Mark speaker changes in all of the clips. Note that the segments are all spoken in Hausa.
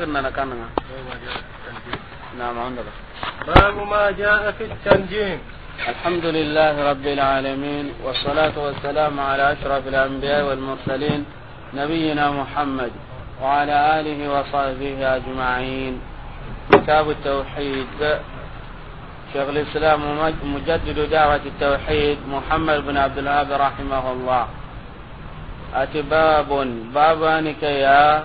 Speaker 1: لك انا نعم عندك باب
Speaker 2: ما جاء في
Speaker 1: التنجيم الحمد لله رب العالمين والصلاة والسلام على أشرف الأنبياء والمرسلين نبينا محمد وعلى آله وصحبه أجمعين كتاب التوحيد شيخ الإسلام مجدد دعوة التوحيد محمد بن عبد الوهاب رحمه الله أتباب باب بابانك يا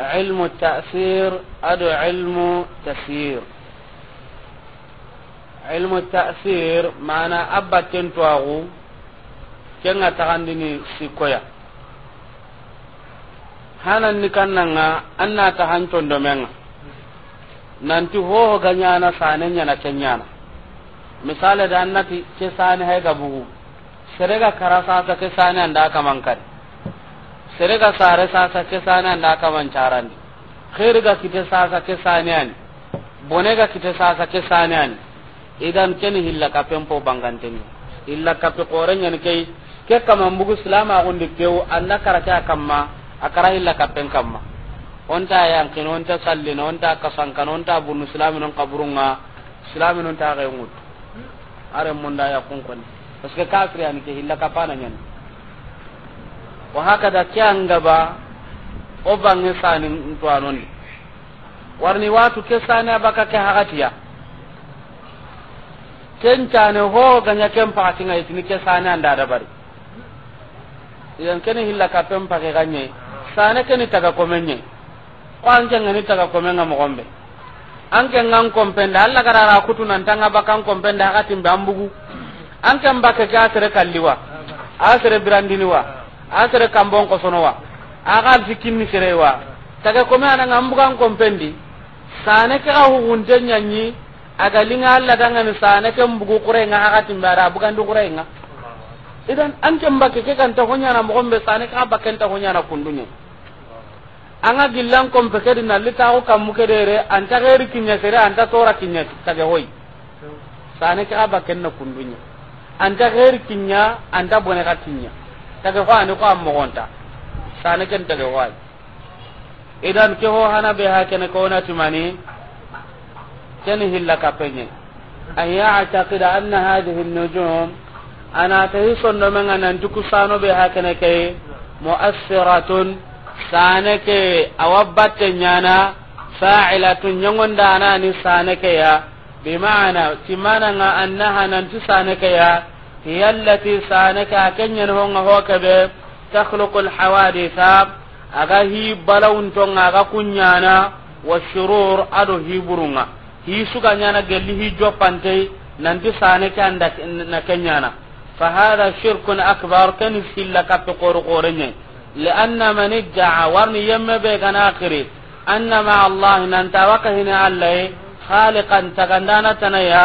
Speaker 1: علم التأثير أدو علم تسيير علم التأثير معنى أبا تنتواغو كنغا تغندني سيكويا هانا نكنا أنا تهانتون دومينا nanti hoho ga ñana sane ñana ke ñana misale da annati ke sane hay ga bugu karasasa ke sane anda kamankari serega sare sasa ke sana anda kaman carandi khairga kite sasa ke sanean bonega kite sasa ke an idan ken hilla kapempo banganteni illa kape korenya ni kai ke kama mbugu silama gundi pew anda karake akamma akara hilla kapen kamma onta yankin onta sallina onta kasankan onta bunu silami non kaburunga silami non ta gayungut are munda ya kunkon parce que kafir yani ke hilla kapana nyani wa hakada ke angaba o bange sani ntuanoni warni watu ke sani abaka ke hakatiya kencane ho ganya ken pakatinga itini ke sani anda bari yan kene hilla ka pen pake ganye sani keni taga komenye ko anke ngani taga komenga mogombe anke ngan kompenda alla garara kutu nan tanga bakan kompenda hakatin bambugu anke mbake ka asere kalliwa asere birandiniwa asere kambon kosono wa aga zikinni sere wa taga kome ananga mbugan kompendi sane ke ga hugunte nyanyi aga linga alla danga ni sane ke mbugu kure nga aga timbara bugan du kure nga idan an ke mbake ke kan ta honya na mogombe sane ka bakken ta honya na kundunye anga gillan kompe ke dinna lita ko kammu ke dere anta gari kinya sere anta tora kinya taga hoy sane ka bakken na kundunye anta gari kinya anta bone ka kinya tage ko ani ko am mogonta sane ken tage ko idan ke ho hana be ha ken ko na timani ken hilla ka penye ay ya'taqid anna hadhihi an-nujum ana ta tahi no men anan duku sano be ha ken ke mu'assiratun sane ke awabbat nyana fa'ilatun nyongonda anani sane ke ya bi ma'ana timana nga annaha nan tu sane ke ya هي التي سانك أكنين هون هوكب تخلق الحوادث أغا هي بلون تونغ أغا كنيانا والشرور أدو هي برونغا هي سوغا نيانا جلي هي جوبانتي نانتي سانك عندك نكنيانا فهذا شرك أكبر كان في لك بقرقورني لأن من ادعى ورني يم بيغن آخري أن مع الله ننتا وكهنا عليه خالقا تغندانا تنيا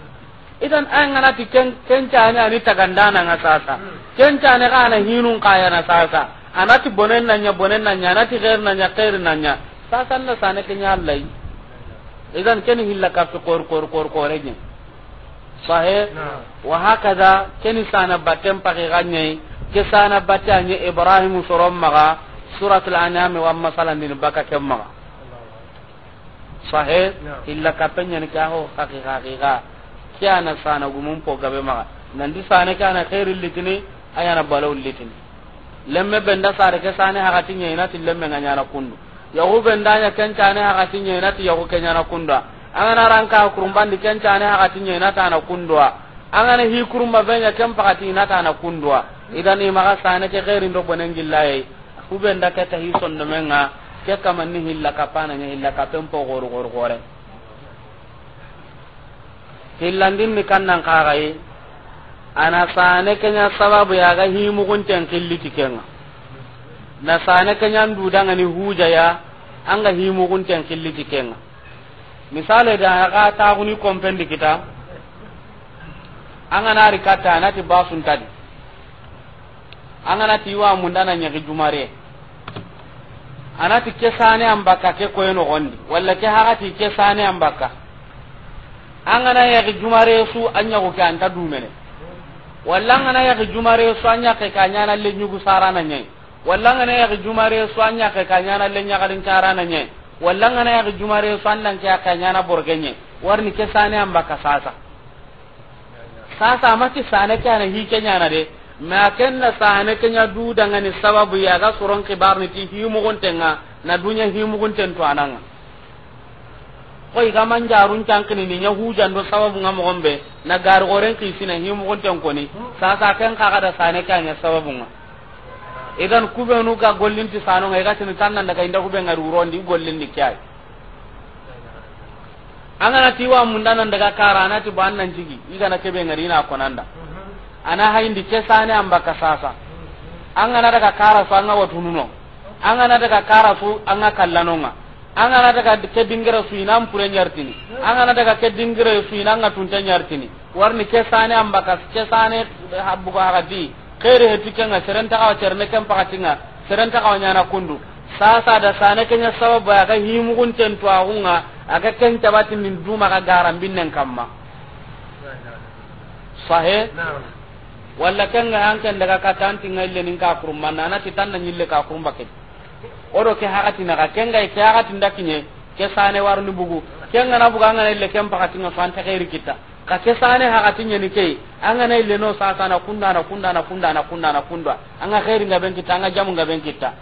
Speaker 1: idan an ngana ti ken ken chane ani na nga sasa hmm. ken chane kana hinun kaya na sasa anati bonen nya bonen nanya anati nya nanya na nya sasa na sane kenya allai idan ken hilla ka fi kor kor kor kor ne sahe hmm. wa hakada ken sana batem pake ganye ke sana nye ibrahim sorom maga suratul anam wa masalan din baka kemma sahe hmm. hilla ka penya ni ka ho hakika hakika ke sana gumun po gabe nan nandi sana ke khairul litini na balaw litini lemme benda sare ke sana katinya ina til lemme nganya na kundu yahu benda nya ken ha katinya ina ti yahu kenya na anga na ranka kurumban di ken ha katinya ina ta na anga angana hi kurumba benya ken pakati na ta na kundu idan ni maka sana ke khairin do bonen gillaye ku benda ka ta hi sonno menga ke kamanni hilla kapana nya hilla kapen po gor gor gore hillandin ni kannan kaxaye ana sane kenya sababu ya ga mu gunten killiti kenga na sane an ga hujaya anga gunten killiti kenga misale da yaga taxuni kompendi kita anga nari katta anati basuntadi anga nati iwa mundana ñagi jumare anati ke sane an bakka ke koyenoxondi walla ke haxati ke sane angana yaki jumare su anyago ke anta dumene walla angana yaki jumare su ke ka nyana le nyugu sarana nyai walla angana yaki jumare su ke ka nyana le din carana nyai walla ngana yaki jumare su anya ke ka nyana borgenye warni ke sane amba ka sasa sasa mati sane ke ana hike nyana de ma na sane ke nya du dangani sababu ya ga suron kibar ni ti himu gontenga na dunya himu gonten to ananga koy ga man jarun cankini ni yahujan do sababu nga mo gombe na gar goren ki na hi mo gonten koni sa sa ken ka kada sane ka nya sababu nga idan kube nu ga gollin ti sano ngai ga tin tan nan daga inda kube ngar di gollin ni kyai wa tiwa munda nan daga karana ti ban nan jigi iga na kebe ngari na konanda ana haindi ke sane ka sasa anana daga kara so anga watununo anana daga kara so anga kallanonga angana daga ke dingira suina mpure nyartini angana daga ke dingira ina nga tunta nyartini warni ke sane ambaka ke sane habbu ka hadi khere hetu ke nga serenta ka cerne kem pakatinga serenta ka nyana kundu sasa da sane sabab sababu aga himu kun tentu ahunga aga ken tabati min duma ka garam binnen kamma sahe walla kenga hanken daga katanti ngalle nin ka kurumma na titanna nyille ka kurumba ke odo ke hakati na kenga ke hakati ndakinye ke sane warni bugu kenga na buga ngana ile kempa kati nga fanta khairi kita ka ke sane hakati nyeni ke angana ile no sa sana kunda na kunda na kunda na kunda na kunda anga khairi nga ben kita anga jamu nga ben kita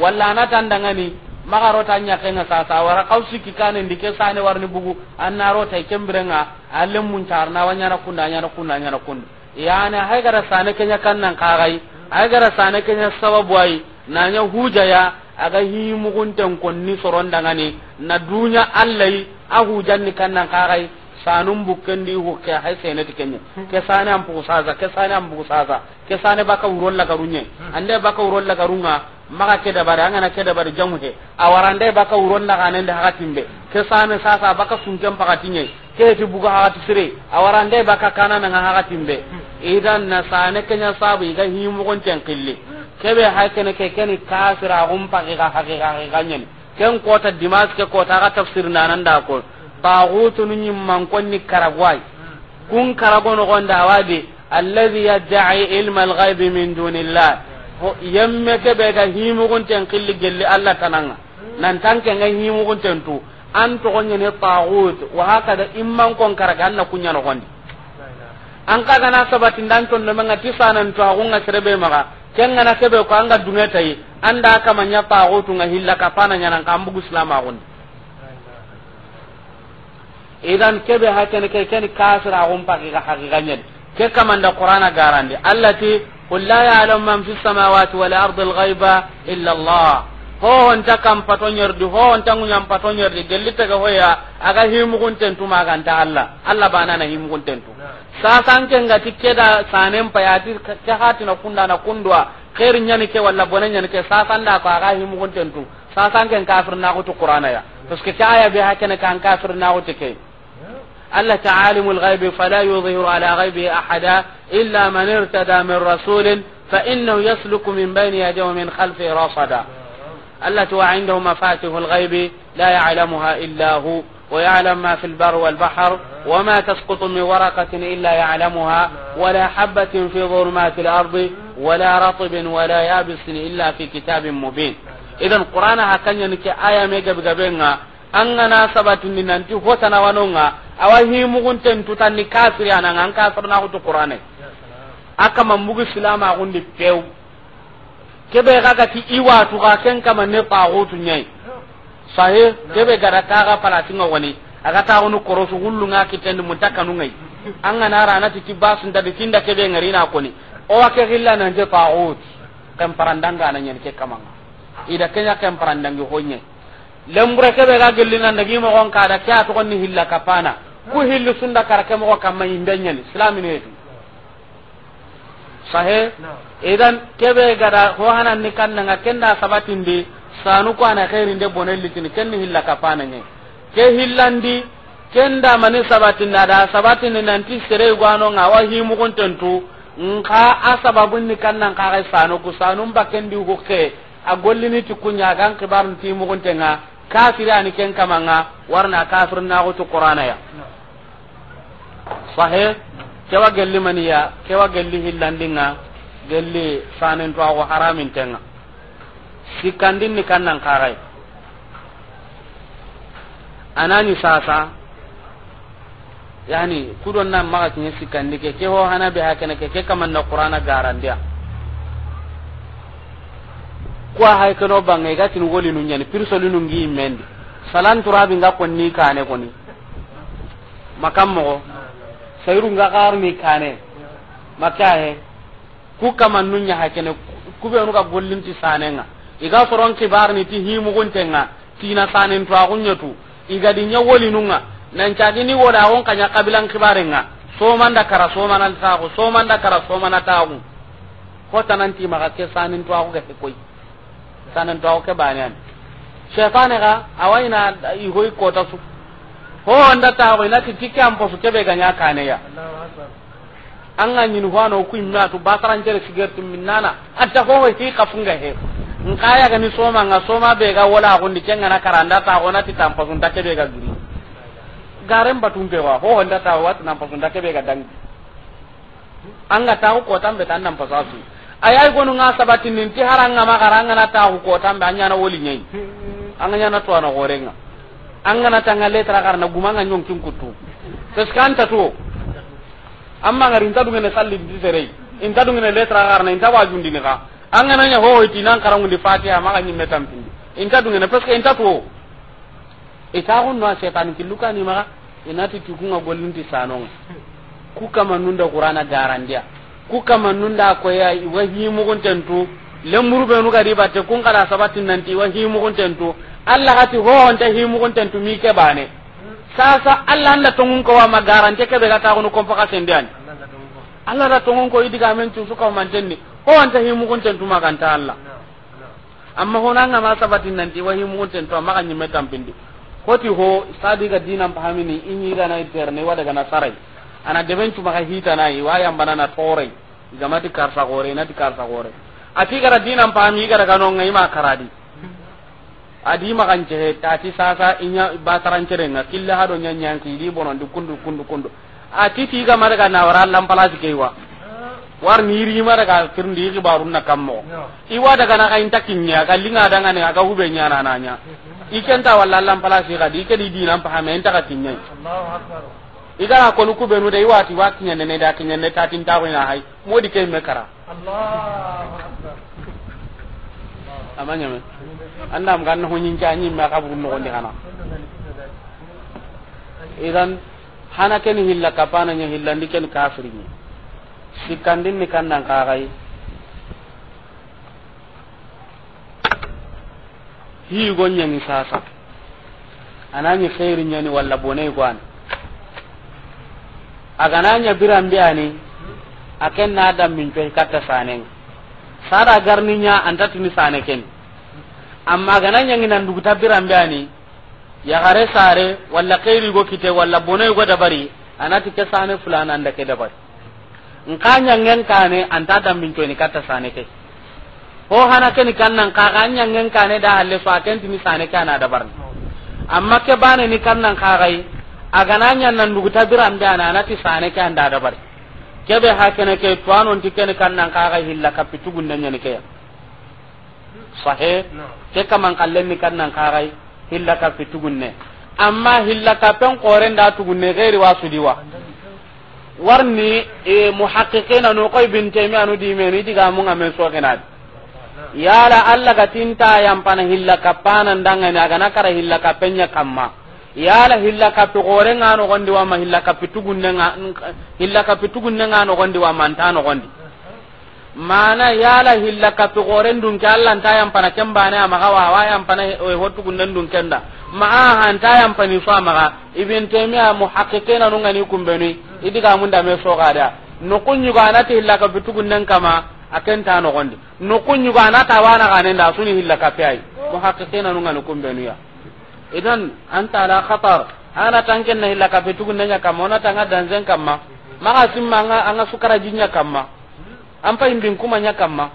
Speaker 1: walla anata ndangani maga rota nya kenga sa sa wara kausi kikane ndike sane warni bugu anna rota kembrenga alem mun na wanya na kunda nya na kunda nya na kunda yana haigara sane kenya kannan kagai haigara sane kenya sababu ai nanya hujaya aga himugunten konni sorondangani na dunya allai a hujanni kannan kaxay sanun bukkendi hukke hay seneti kenye ke sane an pugusaza ke sane an pugusaza ke sane baka wurol garunye hmm. ande baka wurol garunga maka ke dabari angana ke dabare jamu he awarande baka wurol laganende hakatimbe ke sane sasa baka sunken pakatinye ke ti buga hakati sire awarande baka kana nanga hakatimbe hmm. idan na sane kenya sabu iga himugunten qilli kebe hakene ke kene kafira gum pagi ga hagi ga ga nyen ken kota dimas ke kota ga tafsir nanan da ko gutu nun nyimman konni karagwai kun karagono gonda wadi alladhi yad'i ilma al-ghaib min dunillah yemme ke be ga himu gon ten qilli gelli allah tananga nan tanke ga himu gon ten tu an to gonye ne gut wa da imman kon karaga na kunya no gon an ga na sabatin dan ton no manga tisanan to agunga serebe maga kenga na kebe ko anga dungeta yi anda manya pa go tunga hilla ka pana nyana ka kambu islama gon idan kebe ha ken ke ken kasra gon pa ga nyen ke kama nda qur'ana garande allati qul la ya'lamu man fis samawati wal ardi al ghaiba illa allah ho on ta kam patonyordi ho on honta ngunyam patonyordi gellita ga hoya aga himu gunten tuma ganta allah allah bana na himu gunten tuma sasan ken ga tikke da sanen payati ke hatina kunda na kundwa khair nyani ke walla bonan nyani ke sasan da ka ga himu gonten tu sasan ken kafir na kutu qur'ana ya parce que ta aya be hakene kan kafir na kutu ke Allah ta'alimul ghaibi fala yudhiru ala ghaibi ahada illa man irtada min rasulin fa innahu yasluku min bayni yadihi wa min khalfihi rasada Allah tuwa indahu mafatihul ghaibi la ya'lamuha illa hu ويعلم ما في البر والبحر وما تسقط من ورقة إلا يعلمها ولا حبة في ظلمات الأرض ولا رطب ولا يابس إلا في كتاب مبين إذا القرآن هكذا نكي آية ميجا بغبينا أننا ناسبت من أنت هو تنوانونا أو هي مغن تنتو تاني كاسر يعني أنا كاسر ناهو تقرآن أكا من مغي سلام أغن لفتيو كبه تي إيواتو غاكين كما نطاغوتو نيي sahe kebe gara kaga palatinga wani aga taxunu korosu xullunga kitendi muta kanungai an ga nara anati ti basundadi tinda kebe ngarina koni owa ke xilla nanje taxut kemparandanga ana ñen ke kamanga ida kenya kem kemparandangi hoñe lembure kebe ga gellina ndagi moxon kada ke a toxonni hilla kapana ku hilli sunda kara ke moxo kamma yimbeñani silamineetu sahe idan kebe gada ho hananni nga kenda sabatindi sanu ko ana khairin de bonel litini ken ni hilla kapana ngai ke hillandi ken da mani sabatin na da sabatin ni nanti sere gwano nga wa himu kun tentu nka asababun ni kannan ka ga sanu ku sanu ken di ke a golli ni ti kunya gan kibar ti mu kun tenga kafiri ani ken kamanga warna kafir na go to qur'ana ya sahih kewa gelli maniya kewa gelli hillandinga gelli sanen to go haramin tenga sikandin ni kannan karai anani sasa yani kudon nan maga kinye sikkandi ke ke ho hana be hakene ke ke kaman na qur'ana garandiya ko hay kano bangai ga tin woli nun yani pirso nun gi mendi salan turabi kon ni kane ni makam mo sayru nga ni kane makahe ku kaman nun nya hakene ku be onu ga gollin ti sanenga iga soron kibar ni ti himu guntenga tina sanen to agunyetu iga dinya woli nunga nan cagi ni wala on kanya kabilan kibarenga so manda kara so manan tagu so manda kara so mana tagu ko tanan ti maka ke sanen to agu ke koi sanen to agu ke banyan shaytane ga awaina ihoi kota su ho anda tagu na ti tikam posu kebe ganya ya an ga ñin hoano kuimme atu basarantere sigerti min nana atta hoho hi kafunga he nka ga ni soma nga soma be ga wala ko ndi cenga na karanda ta ona ti tampa sun ta kebe ga guri garem batun be wa ho honda ta wat na pa sun ta kebe ga dang anga ta ko tan be tan nan pa sasu ayai ko nga sabati nin ti haranga ma garanga na ta ko tan be anya na woli nyai anga nya na to na gorenga anga na tanga letra karna gumanga nyong kin kutu tes kan ta to amma ngarin ta dungene sallin di serei inta dungene letra karna inta wajundi ne ka an gana nya hoho iti nan karangu di fatiha ma ganyi metam pindi inta dunga parce que inta to ita hun no setan luka ni ma inati tukunga gollinti sanonga ku kama nunda qur'ana garandia ku kama nunda ko ya wahi mu gontentu lemuru be nuga ribate kun kala sabatin nanti wahi mu gontentu allah hati ho onta hi mu gontentu mi ke bane sasa allah anda tongun ko wa magarante ke be gata ko ko faka allah da tongun ko idiga men tu suka mantenni ko anta himu kunten tuma kan ta Allah amma hona nga ma sabatin nan ti wa himu kunten to nyimeta nyimme ko ti ho sadi ga dinan pahamini inyi ga na ne wada ga na sarai ana deben tuma ka hita na yi wa yamba na tore gamati karsa gore na ti karsa gore ati gara dinan pahami gara ga non ngai ma karadi adi ma kan je ta ti sasa inya bataran cere nga killa hado nyanyan ki di bonon du kundu kundu kundu ati ti ga ga na waral lampala ke wa. war ni ri ma daga di ri barun na kammo wa daga na kain takinya ga linga daga ne aga hube nya na nanya ta walla lam pala si ga ke di dinan pa men ta katinya
Speaker 3: Allahu akbar
Speaker 1: ga ko nuku benu dai wa ti wakinya ne ne da kinya ne tin ta wina hai mo modi ke me kara
Speaker 3: Allahu akbar amanya me andam ganna hunyin
Speaker 1: ka nyi ma bu no ni kana idan hana ken hilla kapana nya hilla ni ken kafirin sikkandin ni kannan kaxay hiigo ni sasa anañi xeiri ñani walla bonei aga nanya biran biya a aken na min coyi katta sanenga sada garniña antatini sane keni amma biran biya ni ya gare sare walla go kite walla bonai go dabari anati ke sane fulana anda ke dabari nka nyangen kane anta dambin min oh, ni kata sane ke ho hana ke ni kannan ka ganya nyangen kane da halle so aken tini sane kana da bar amma ke bane ni kannan ka gai aga na nyan nan dugu tabiran da na nati sane ke anda da bar ke be ha ne ke to anon ti kan kannan ka gai hilla kapitu gundan nyane ke sahe ke kaman kalle ni kannan ka gai hilla kapitu gunne amma hilla kapen koren da tugunne gairi wasudiwa warni e muhaqqiqina no koy bin taymiya anu di meni diga mun amen so kenat yala alla ga tinta yam pana hilla kapana ndanga ni aga nakara hilla kapenya kamma yala hilla kapi gore ngano gondi wa ma hilla kapi tugunne hilla kapi tugunne no gondi wa mantano gondi mana yala hilla to goren dun ke Allah ta yan pana kemba ne ya ga wa yan pana e hotu gunnen dun kenda ma han ta yan pani fa maga ibn taymiya muhaqqiqina nun ngani kumbeni idiga mun da me so da no kunyu ga na ta hilla gun nan kama aken ta no gondi no kunyu ga na ta wana ga da suni hilla kapi ai muhaqqiqina nun ngani kumbeni ya idan anta la khatar ana tanken na hilla nan ya kama ona tanga danzen kama maga simma anga anga sukara jinya kama an fa kuma nya kamma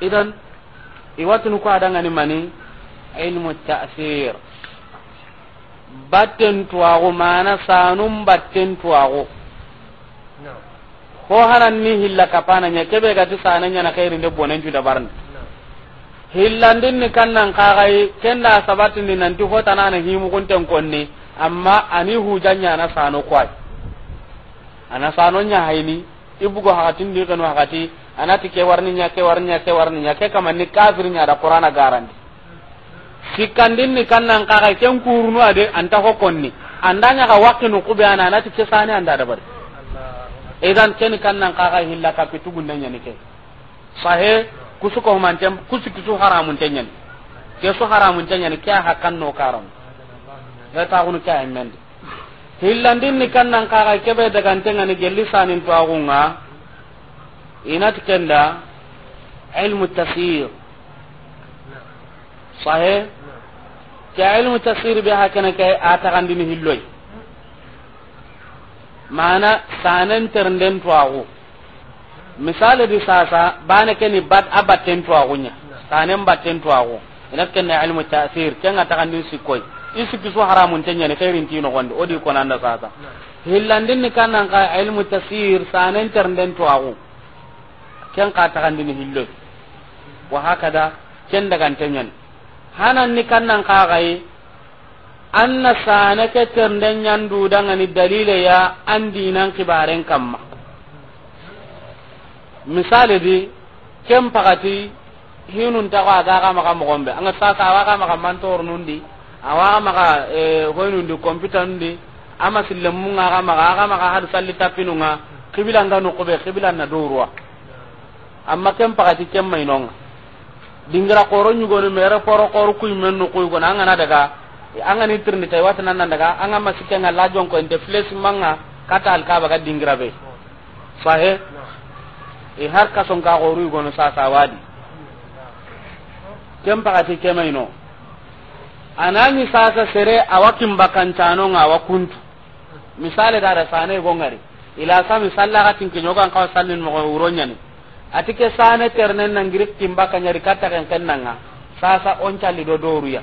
Speaker 1: idan iwatun ko adanga ni mani mo ta'sir batten tuwago mana sanun batten tuwago ko haran ni hilla kapana nya kebe gati sanan nya na kairin de bonan ju dabarni hillandin ni kannan kagai kenda sabatin ni nanti hota na na himu kunten konni amma ani hujanya na sanu kwai ana sano nya hayni ibugo hakatin di kanu hakati anati ke warni nya ke warni nya ke warni nya ke kamani kafir nya da qur'ana garandi sikandin ni kannan kaga ken kurunu ade anta hokonni andanya ka nu kubi ana anati ke sane anda da bar idan ken kannan kaga hilla ka pitu nan nya ni ke sahe kusuko man tem su haramun tenya ke su haramun tenya ni ke no karam ta kunu ke amende hillandin ni kan kannan kaga kebe daga tengani gelli sanin to agunga inat kenda ilmu tasir sahe ka ilmu tasir be hakana kai atagandi ni hilloy mana sanen ternden to agu misale di sasa bana keni bat abaten to agunya sanen baten to agu inat kenda ilmu tasir kenga tagandi sikoy Isu su haramun tanya ne khairin tino gonde odi ko nan da sasa hillandin ni kanan ka ilmu tafsir sanan tarnden to agu ken ka ta kandini hillo wa hakada ken daga tanyan hanan ni kanan ka gai anna sanake tarnden nyandu danga ni dalile ya andinan kibaren kamma misale di ken pagati hinun ta ga ga ma ga mo gombe an ga awa maga hoynundi eh, computer ndi ama sillemunga aga maga aga maga hadu salli tappinunga kibila nga nukube kibila na dorwa amma kem pakati kem mainonga dingira koro nyugonu mere poro koro kuy men nukuy gona angana daga anga ni tirni tay wata nan daga anga masike nga lajon ko inde fles manga kata al kaba ga dingira be sahe e har ka son ka goru gono sa sa wadi kem pakati kem maino anani sasa sere awakin tano nga wakuntu misale dara sane gongari ila sa misalla katin kinyoga kan sallin mo uronya ni atike sane ternen nan girik timbaka nyari kata kan kannanga sasa onca lido doru ya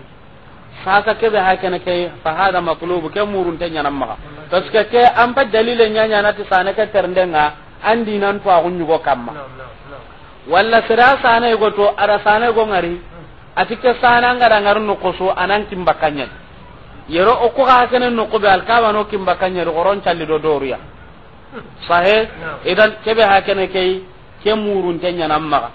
Speaker 1: sasa kebe hakene ke fa hada maqlubu ke murun tanya nan maka toske ke an pa dalile nyanya na ti sane ke terdenga andi nan fa agun yugo kamma walla sira sane go to ara sane gongari ati ke sana ngara ngar no koso anan timbakanya yero o ko ha kana no ko be alkaba no kimbakanya ro ron challi do doruya sahe idan kebe ha kana kei ke murun tenya namma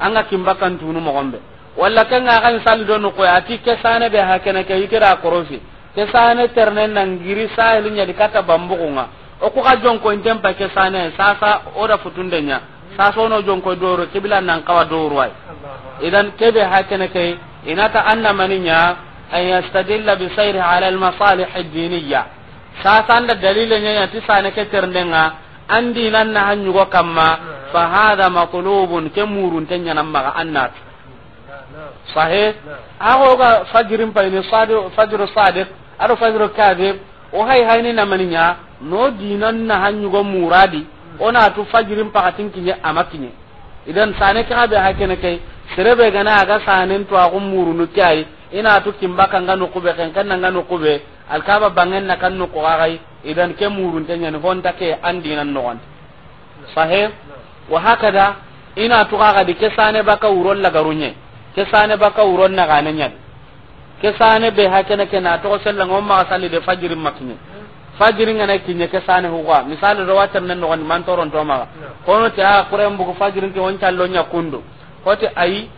Speaker 1: anga kimbakan tunu mo gombe walla kan ga kan sal do no ko ati ke sana be ha kana kei kira korofi ke sana terne nan giri sahilu nya kata bambu ko nga o ko ka jonko ko intempa ke sana sasa ora futundenya sasono jonko doro kibila nan kawa doro ay idan kebe hakene kay inata anna maninya ay yastadilla bi sayri ala al masalih ad diniyya sasanda dalile nya yati sane ke terndenga andi nan na hanyu go kamma fa hada maqlubun kemurun tanya nan maga annat sahe ago ga fajrin payne sadu fajru sadiq aro fajru kadib o hay hayni na maninya no dinan na hanyu go muradi ona tu fajirin pakatin kinye amakinye idan sane ka be hakene kai serebe gana aga sane to agum no kai ina tu kimba kan ga kan kan ga kube alkaba bangen na kan ko gai idan ke murun tanya ni honta ke andinan on sahe wa hakada ina tu ga di ke sane baka uron la garunye ke sane baka uron na gananya ke sane be hakene ke na to sallan on ma salli de fajirin makinye fajiri ngana kinye ke sane huwa misali do watan nan no man toron to ma kono te a kure ko fajiri ke won tallo nya ko hote ayi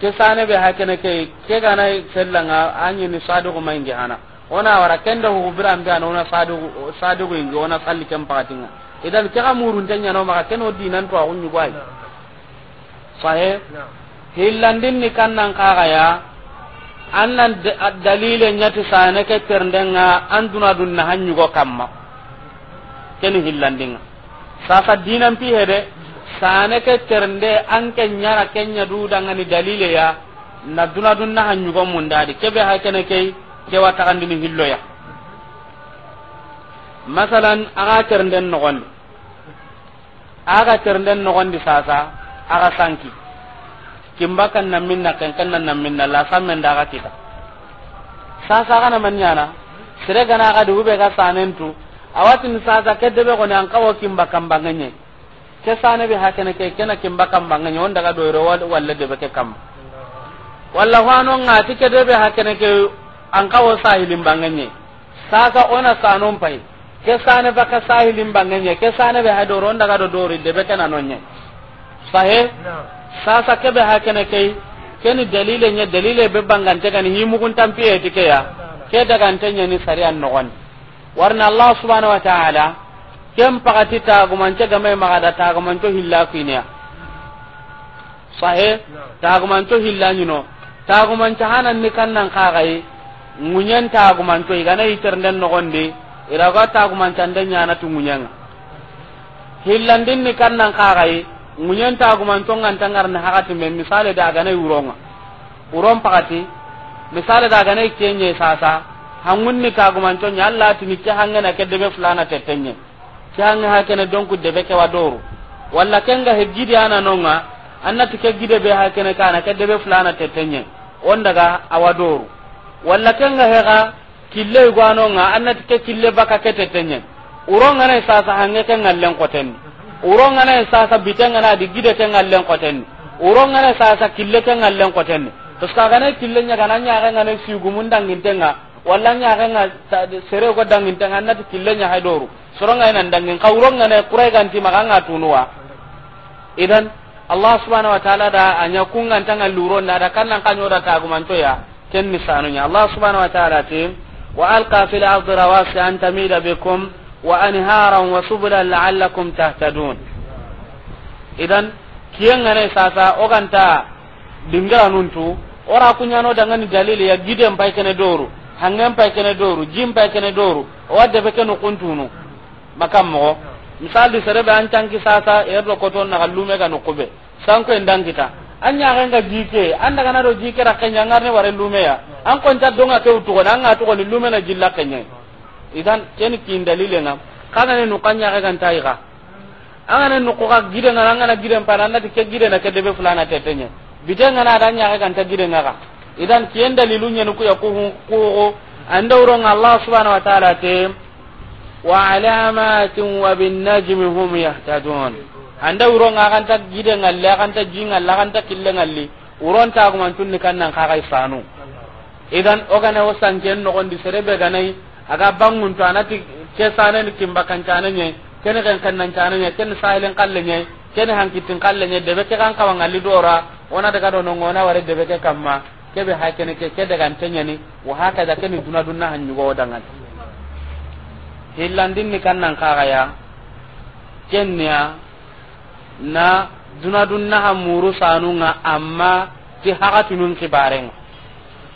Speaker 1: ke sane be hakene ke ke gana sellanga anyi ni sadu ko mangi hana ona wara kenda hu biram ga ana ona sadu sadu ko ona salli kem patinga idan ke gamurun tanya no ma keno dinan to agunyu bai sahe hillandin ni kannan kaga ya annan dalile nyati sane ke terndenga anduna dun na hanyugo kamma keni hillandinga sasa dinan pi hede sane ke ternde anke nyara kenya du danga ni dalile ya na duna dun na hanyugo mundadi kebe ha kene kei ke wata dini hillo ya masalan aga ternden nogondi aga ternden nogondi sasa aga sanki kimba kan nan minna kan kan nan minna la samme daga kita sasa kana manyana sire gana ga du be ga sanentu awatin sasa kedde be gona an kawo kimba kan banganye ke sane be hakene ke kena kimba kan banganye on daga do ro walla de be ke kam walla hano ngati kedde be hakene ke an kawo sahilin banganye sasa ona sanon pai ke sane ba ka sahilin banganye ke sane be ha do ron daga do do ri de be kana nonye sahe no. sasa kebe hakene kai keni dalile nya dalile be bangante kan hi mugun tampiye tike ya ke daga antenya ni sari an nogon warna allah subhanahu wa ta'ala kem pakati ta gumance game magada ta gumanto hilla kuinya sahe ta gumanto hilla nyino ta gumance hanan ni kannan kai munyen ta gumanto igana iternden nogonde iraga ta den andenya na tunguyanga hillandin ni kannan kai. munyan ta guman tongan tangar na hakati men misale da ganai uronga uron pakati misale da ganai na kenye sasa ni ka guman tonya Allah tumi ke na ke debe fulana tetenye ke hanga hakene donku debe ke wadoru walla kenga hejidi ana nonga anna ke gide be hakene kana ke debe fulana tetenye on daga awadoru walla kenga hega kille gwanonga anna ke kille baka ke tetenye uronga na sasa hange ke ngallen kotenni urongana sasa bitengana di gide ke ngallen qotenni urongana sasa kille ke ngallen tos ka ganay kille nya kana nya ga si sigu mun dangin tenga walla nya ga nga sere ko dangin tenga na to kille nya haidoru soronga ina dangin ka urongana kurai ganti maganga tunuwa idan allah subhanahu wa ta'ala da anya kunga tanga luro na da kannan kanyo da gumanto ya ken misanunya allah subhanahu wa ta'ala tim wa alqa fil ardi rawasi an tamida bikum وأنهارا وسبلا لعلكم تهتدون إذن kiyengane sasa oganta dingira nuntu ora kunyano dangani dalili ya gide mpai kene doru hangen pai kene doru jim pai kene doru wadde be kenu kuntunu makam mo misali an tanki sasa erdo koton na lume ga nukube sanko endangita an ñaxen ga jike an dagana do jike ra keña ngarne ware ya an konta donga ke utugon an ga tugoni lume na jilla keñe idan ken kin dalile ngam kaga ne nukanya ga kan tai ga angana nuku ga gide ngana angana gide pana na ke gide na ke debe fulana tetenye bide ngana adanya ga kan ta nga ngaga idan ken dalilunya nuku ya ku ku anda urang Allah subhanahu wa ta'ala te wa alamatin wa bin najmi hum yahtadun anda urang akan ta gide ngalle akan ta jinga akan ta kille ngalle uron ta ko man tunni kan nan ka ga sanu idan ogana wasan ken no on di serebe ganai aga bangun to anati kesane ni kimba kancane nye ken kan kan nan nye ken sailen kallenye nye ken hankitin kalle nye debe ke kan ali dora ona daga do no ngona ware debe ke kamma kebe hake ken ke ke daga tanya ni wa haka da ken duna dunna han yugo dangan hillandin ni kan nan kaga ya kenya na duna dunna ha muru sanunga amma ti haka tunun kibaren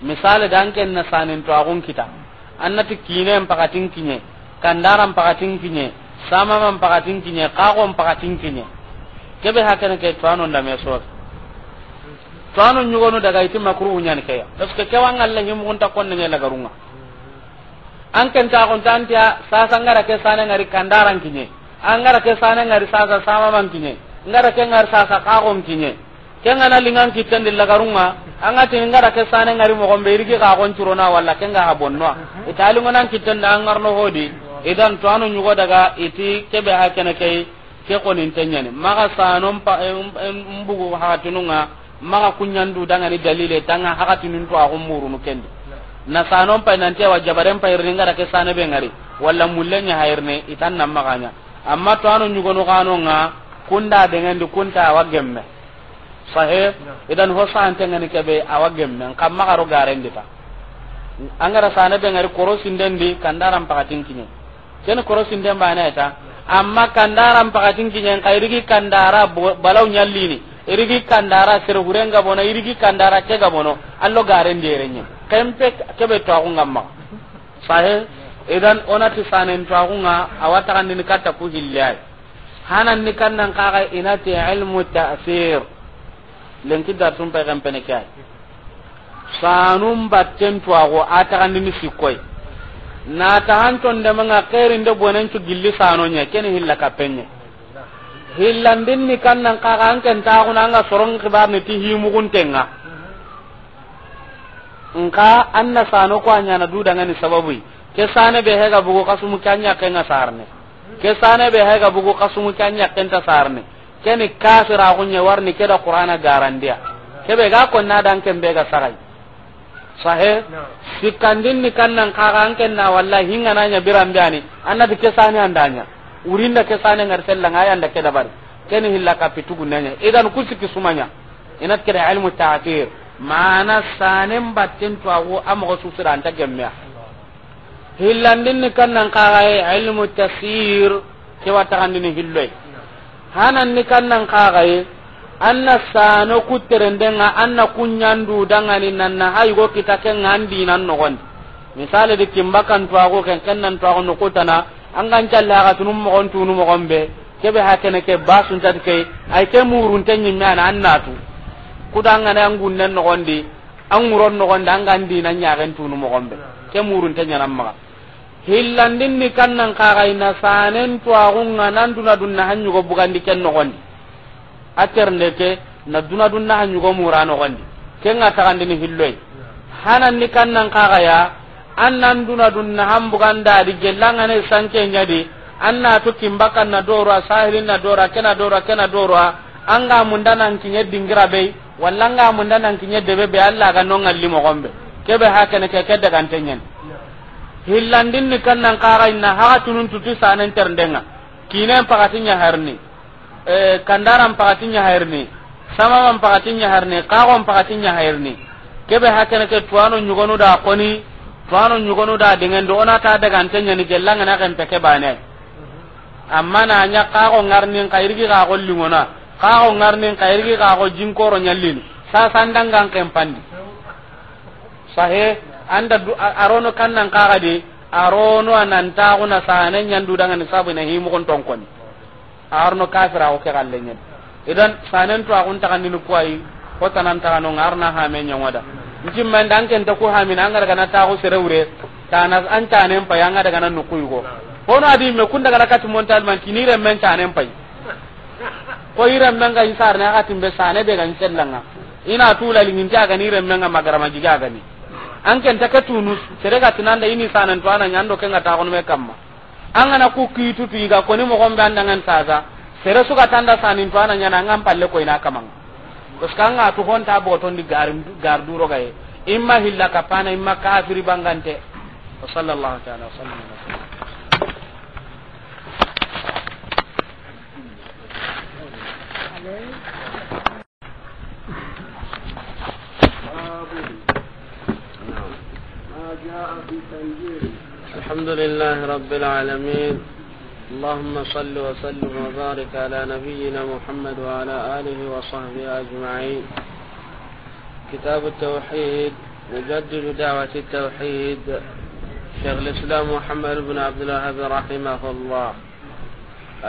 Speaker 1: misali dan ken na sanin to agun kita annati kine pakatin kinye kandaran pakatin kinye samaman pakatin kinye kagon pakatin kinye kebe hakene ke tuano nda meso tuano nyugonu daga iti makruhu nyani kaya ke kewang alla nyimu unta konne ngela garunga an ken ta kon tantia sasa ngara ke sane ngari kandaran kinye an ke sane ngari sasa man kinye ngara ke ngari sasa kago kinye kenga na lingan kitan dilla garunga anga tin da kesane ngari mo gombe irgi ka gon turona walla kenga ha bonnoa itali ngona kitan da no hodi idan to anu nyugo daga iti kebe ha kene ke ke ko nin tenyane maga sanon pa eh, um, eh, mbugu ha tununga maga kunyandu daga ni dalile tanga ha tunun to agum no kende na sanon pa nan tewa jabaren pa irni da kesane be ngari walla mullenya hairne itan nan maganya amma to anu nyugo no kanonga kunda dengan dukunta wa gemme sahe idan ho sa ante ngani kebe awagem men kam ma garo garen dita angara sane be ngari korosin dendi kandaram pakatin kinye ken korosin den bana ta amma kandaram pakatin kinye kairigi kandara balau nyalli ni irigi kandara sir hurenga bona irigi kandara kega bono allo garen derenye kempe kebe to ko ngamma sahe idan onati sane to ko nga awata kan ni katta ku hillai hanan ni kannan kaga inati ilmu ta'sir lenki dar sun pa kan pene kai sanum batten to ago atagandi ni sikoy na ta hanton da manga khairin da bonan cu gilli sanonya ken hilla kapenye din ni nan ka kan ken ta kuna anga soron kibar ni ti himu tenga nka anna sano ko anya na duda ngani sababu ke sane be hega bugo kasumu kanya kenga sarne ke sane be hega bugo kasumu kanya kenta sarne keni kafira gunye warni keda qur'ana garandia kebe ga ko na dan ken be ga sarai sahe sikandin ni kannan kaga anken na wallahi hinga nanya birambe ani anna de kesani andanya urinda kesani ngar sella ngaya anda keda bari keni hilla ka pitugu nanya idan kusiki sumanya inat keda ilmu ta'tir mana sanem batten to awo amo susira anta gemmea hillandin ni kannan kaga ilmu tasir kewata kandini hilloy hanan ni kannan kagaye anna sano kutterendenga anna kunyandu dangani nanna go kita ken ngandi nan nogon misali di kimbakan ago ken kennan twago an angan jalla ga tunum mogon tunu mogon be kebe hakene ke basun tan ke ay ke murun tanyi anna tu kudanga nan gunnen di an muron di angan dinan nyagen tunu mo be ke murun tan nan ma. hillandin ni kannan na sanen twagunga nan duna dunna hanyugo di ken nogondi aterne ke na duna dunna hanyugo mura di. ken ga tagandini hilloy hanan ni kannan kagaya annan duna dunna da di gellanga ne sanke nyadi anna tu kimbakan na doro sahilin na doro kena doro kena doro anga mundana nkinye dingira be walla anga mundana nkinye debe be alla ga nonga limo gombe kebe hakene ke kedda gantenyen hillandin ni kannan kara inna haga tunun tutu sanen terndenga kinen pakatinya harni e, kandaram pakatinya harni samaman pakatinya harni kagon pakatinya harni kebe hakene ke tuano nyugonu da koni tuano nyugonu da dengan do ona ta daga antenya ni gellanga na kan peke bane amma na nya ngarni ngarnin kairgi ka gollingona kago ngarnin kairgi ka go jinkoro nyallin sa sandangang kempandi sahe anda arono kannan kaga de arono na sana nyan du dangan sabu na himu kon tonkoni arno kafira o ke galle nyen idan sanen to akun ta kanni kuai ko tanan ta kanon arna ha men wada njim man dan ku ta ko ha min angara kana ta ko serewre tanas an tanen pa yanga daga nan nukuy go hono adi me kun daga rakati montal man kinire men tanen pa ko ire men ga isar na akati be sane be gan sellanga ina tula lingin ta ga ni re men ga magarama jiga ga ni an ken ta katunu sere ga tinanda ini sanan to anan yando ken ta kono me kamma an ana ku kitu tu iga koni mo gombe andangan taza sere suka tanda sanin to anan yana ngam palle ko ina kamang ko skanga to honta boton di garim garduro gaye imma hilla kapana imma kafiri bangante sallallahu ta'ala wa sallam
Speaker 2: Hello.
Speaker 1: الحمد لله رب العالمين اللهم صل وسلم وبارك على نبينا محمد وعلى آله وصحبه أجمعين كتاب التوحيد مجدد دعوة التوحيد شيخ الإسلام محمد بن عبد الوهاب رحمه الله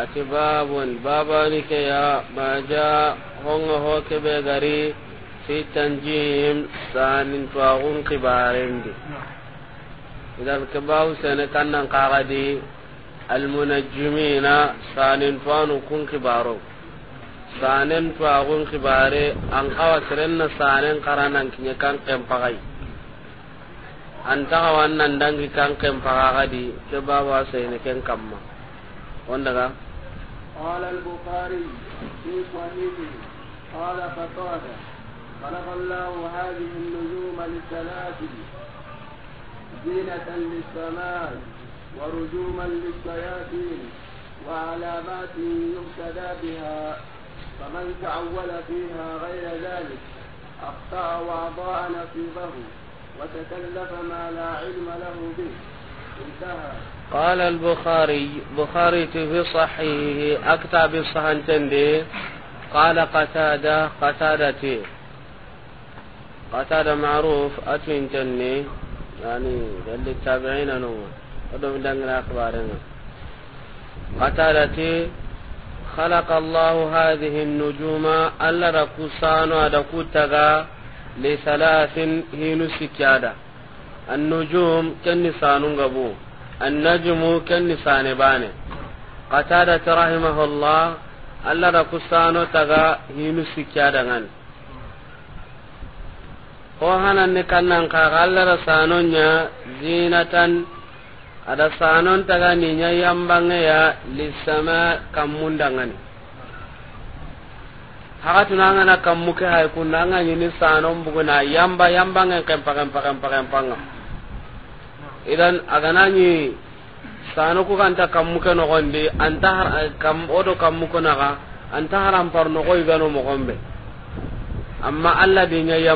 Speaker 1: ati باب babani ke ya maja honga ho في تنجيم gari fi tanjim idan kibau sene kannan kagadi almunajjimina sanin tuwanu kun kibaro sanen tuwagun kibare an kawa sirenna sanen karanan kinye kan kempagai an taga wannan dangi kan ka kempagagadi kibawa sene ken kamma on daga
Speaker 2: قال البخاري في صحيحه قال قتاده خلق الله هذه النجوم للثلاث زينة للسماء ورجوما للشياطين وعلامات يهتدى بها فمن تعول فيها غير ذلك أخطأ وأضاع نصيبه وتكلف ما لا علم له به انتهى قال
Speaker 1: البخاري بخاري في صحيحه أكتب الصحن تندي قال قتادة قتادتي قتادة معروف أتين تني yani dalli tabi'ina no odo mi dangana akhbare no qatala ti khalaqa allah hadhihi an-nujuma alla rakusanu ada kutaga li salasin hinu sikada an-nujum kanni sanu gabu an-najmu kanni sane bane qatala ti rahimahullah alla rakusanu taga hinu sikada ngani ho hananni kannan kaga allah ra sanonya zinatan ada sanon taga ninya yambangeya lisama kammundangani hakatunangana kammuke hay kunna anga ni sanon buguna yamba yambangen kempa kempa kempa panga idan aganañi sano ku ganta kammuke nogondi anta kam odo kammuke naga anta haranpar nogoygano mogonɓe amma allah de nya ya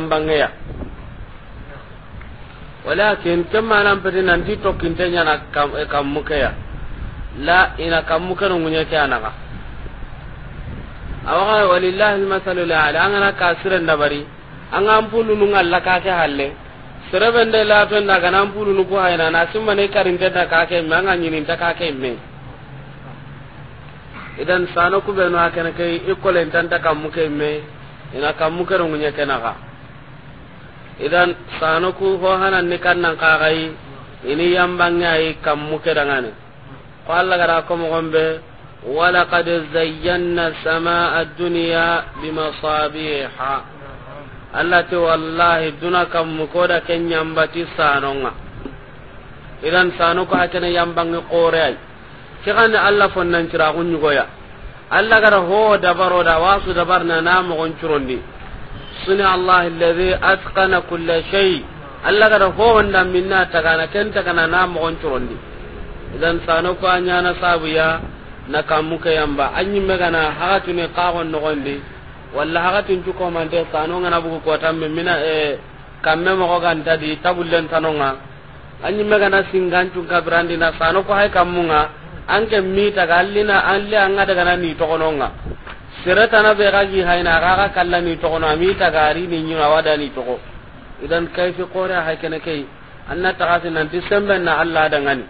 Speaker 1: walakin tokin tanya na kam eh, muka ya la ina kammukeno anaka ah. awa ga walillahi almasalu lala angana ka da bari angan Allah ka kake halle serebende latenda nan pulunu ku hayna na simmane mai kake me ta ka kake me idan sano kai ikolen tan ta kam muka me ina kammu kero ngunya kenaka idan sano ku ho hanan ni kannan kagai ini yambangnya ai kammu kedangane ko Allah gara ko mo gombe samaa ad-dunya الدنيا بمصابيح allati wallahi duna kam koda ken nyambati sanonga idan sanu ko hakene yambangi qore ay kigande Allah fonnan cira kunyugo ya allah gara ho dabaro da wasu dabar na na mogon curondi suna allah alladhi atqana kulla shay allah gara ho wanda minna tagana ken tagana na mogon curondi idan sano ko anya na sabuya na kamuke yamba anyi megana hagatu ne qawon nogondi walla hagatin cu komante sano ngana bugu kotamme mina e kamme mogo ganta di tabullen tanonga anyi megana singan cu kabrandi na sano ko hay kamunga anke mita ga allina alli anga daga na ni tokononga sereta na be ga gi hayna ga ga kalla ni tokono amita ga ri ni nyuna wada ni toko idan kayfi qora hay kana kay anna tagasi nan disembe na alla daga ni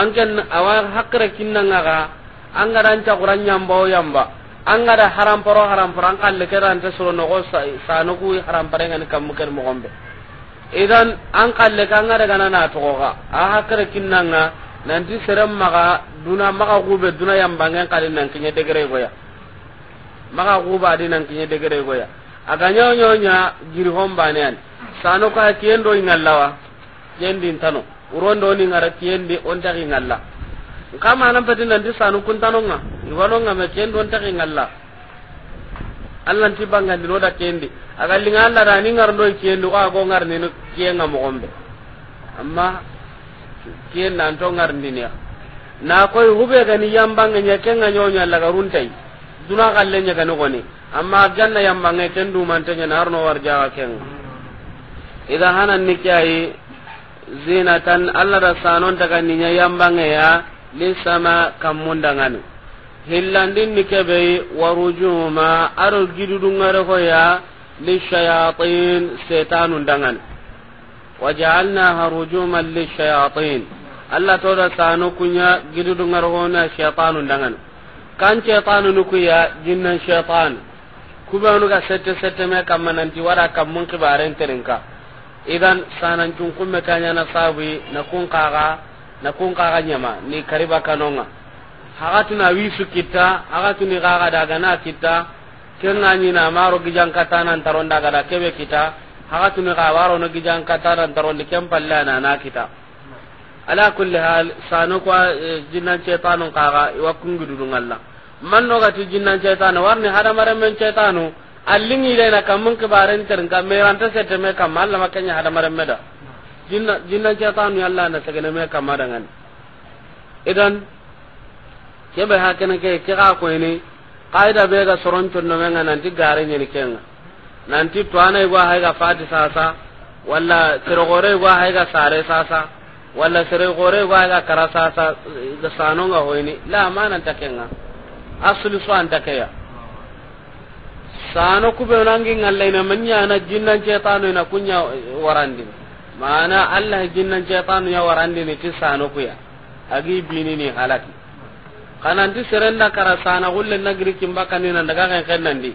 Speaker 1: anke awa hakra kinnanga ga anga ranta qur'an nyambo yamba anga da haram poro haram poran an kalle keran ta suru no go no ku haram parenga ni kam mukar idan an kalle ka anga daga na na to ga a hakra kinnanga nanti serem maka duna maka kube duna yang bangen kali nang kinya degere goya maka kuba adi nang kinya degere goya aga nyonya nyonya giri homba nian sano kaya kiendo ingalawa kiendi intano urondo ni ngara kiendi ontak ingalawa kama anam pati nanti sanu kun tano nga iwano nga me kiendo ontak ingalawa Allah nanti bangga di noda kiendi aga linga Allah rani ngarno kiendo kwa ako ngarni kienga mokombe amma kiyen nan to na koy hube gani yambange nya kenga nyonya laga runtai duna galle nya gani goni amma janna yambange ken du mantanya narno warja wa kenga idan hanan nikai zinatan alla da sanon daga ninya yambange ya lisama kamundangani hillandin ni kebe warujuma aro gidudungare hoya lishayatin setanun dangani وجعلناها رجوما للشياطين alla toda sano kunya gidudu ngarhona shaytanu dangan kan shaytanu nukuya shaytan kubanu ga sette sette me wara kam mun kibaren terinka idan sanan tun kumme tanya na sabi na kun kaga na kun kaga nyama ni kariba kanonga hagatu na wisu kita hagatu ni daga na kita na maro taron daga haga tun ga waro no gijan katara darolli kem palla na na kita ala kulli hal sanu ko e, jinnan shaytanu kaga wa kungudu dun Allah man no tu jinnan cetanu warni hada mare men cetanu allingi le na kamun ke baran tarin ga me ranta sete me kam Allah makanya hada mare meda jinna jinnan cetanu Allah na sagane me kam madangan idan ke kebe hakene ke kira ko ini qaida be ga soron to no men nan ti gare ni kenga nanti twana igo hayga fati sasa walla serogore igo hayga sare sasa walla serogore igo hayga kara sasa ga sanonga hoyni la mana kenga asli so kaya sano kube nangi na manya na jinnan cetano ina kunya warandi mana allah jinnan cetano ya warandi ni ti sano kuya agi bini ni halaki kananti serenda kara sana gulle nagri kimbaka ni nan daga kan kan nandi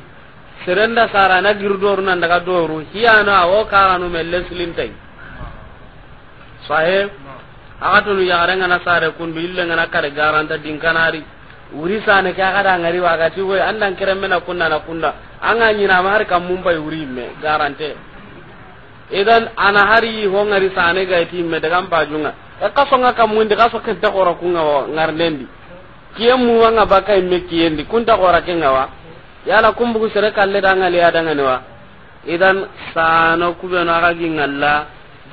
Speaker 1: serenda sara na girdoru nan daga doru hiyana awo karanu melle silintai sahe ya yagaranga na sare kundu ille ngana kare garanta dinkanari wuri sane ka kada ngari wagati we andan kiran na kunna na kunna anga nyina ma har kam mumbai wuri me garante idan ana hari ho ngari sane ga me daga pajunga e kaso nga kam munde kaso kenta ora kunga mu wa nga bakai me kiyendi kunta ora kenga wa yala kumbugu sere kalle dangale ya wa idan sano kubeno aga gingalla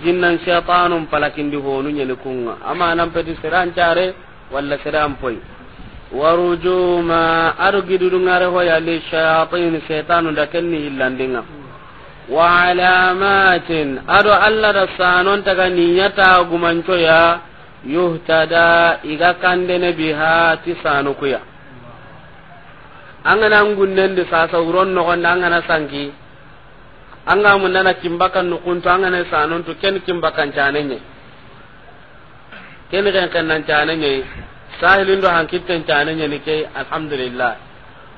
Speaker 1: jinnan shaytanun palakindi honu nyene kunga ama nan peti sere ancare walla sere ampoi warujuma aro gidudungare hoya li shayatin shaytanu da kenni illandinga wa alamatin ado alla da sanon taga ninyata gumancoya yuhtada iga kandene biha ti sanokuya kuya angana ngunnen de sasa uron no gonda angana sangi anga munana kimbakan no kuntu angana sanon to ken kimbakan chanenye ken ken kan nan chanenye sahilin do kitten chanenye ni ke alhamdulillah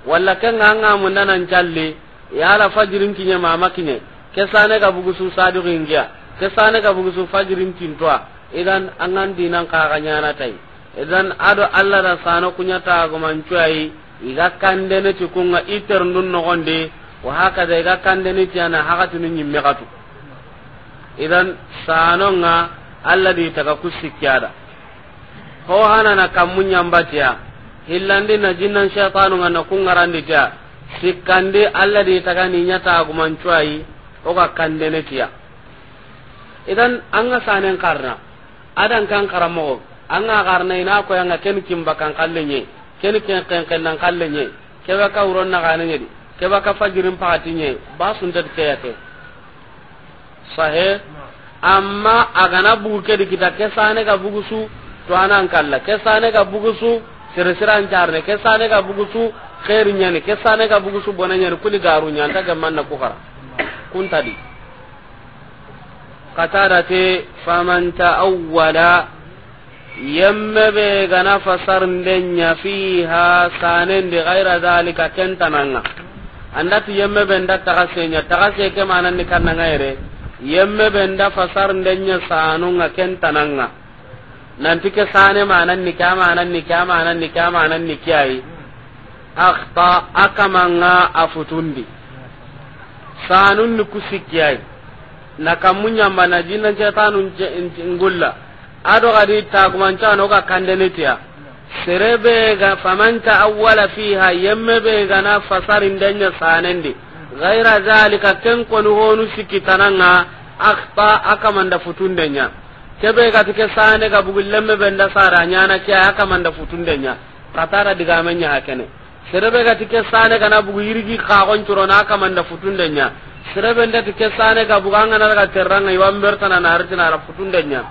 Speaker 1: walla ken anga munana challe ya la fajrin kinya mama kinya kesane ka bugusu sadiqu ingia kesane ka bugusu fajrin tintwa idan angan dinan ka ganyana tai idan ado Allah da sano kunya ta gumancuai iga kandene ci kunga iter ndun gonde wa haka da iga kandene ci ana haka hakati nu me gatu idan sanonga alladi taga kusikiyada ho hanana kammu nyambatiya hillande na jinnan shaitanu nga na kungarandi tiya sikkandi alladi taga ni nyata gumancuayi oga kandene tiya idan an sanen karna adan kan karamo an karna ina ko yanga ken kimba kan kallenye kene ken ken ken nan kalle nye ba ka uron na gane nye ba ka fajirin pati nye ba sun tat ke yake sahe amma agana bugu ke dikita ke sane ka bugu su to anan kalla ke sane ka bugu su sere siran jarne ke sane ka bugu su khair ne ke sane ka bugu su bona nyane kuli garu nyane ta gamman na kukara kun tadi qatada te faman awwala yemme be gana ndenya fiha sanende gaira dhalika kentananga andati yamma be nda takasenya takase ke mananni kannanga yere yemme be nda ndenya sanunga kentananga nanti ke sane ni kya mananni kya mananni kya mananni kiyayi akhta akamanga afutundi sanunni kusikkiyayi nakamunyamba na jinna cetanun ngulla ado gadi no ga kandenitiya serebe ga famanta awwala fiha yemme be ga na fasarin danya sanendi ghaira zalika ken no honu sikitananga akhta akamanda futundenya kebe ga tike sane ga bugillemme benda sara nyana kiya akamanda futundenya katara digamenya hakene serebe ga tike sane ga na bugu yirgi khagon turona akamanda futundenya serebe nda tike sane ga buganga na ga terranga iwambertana na hartina ra futundenya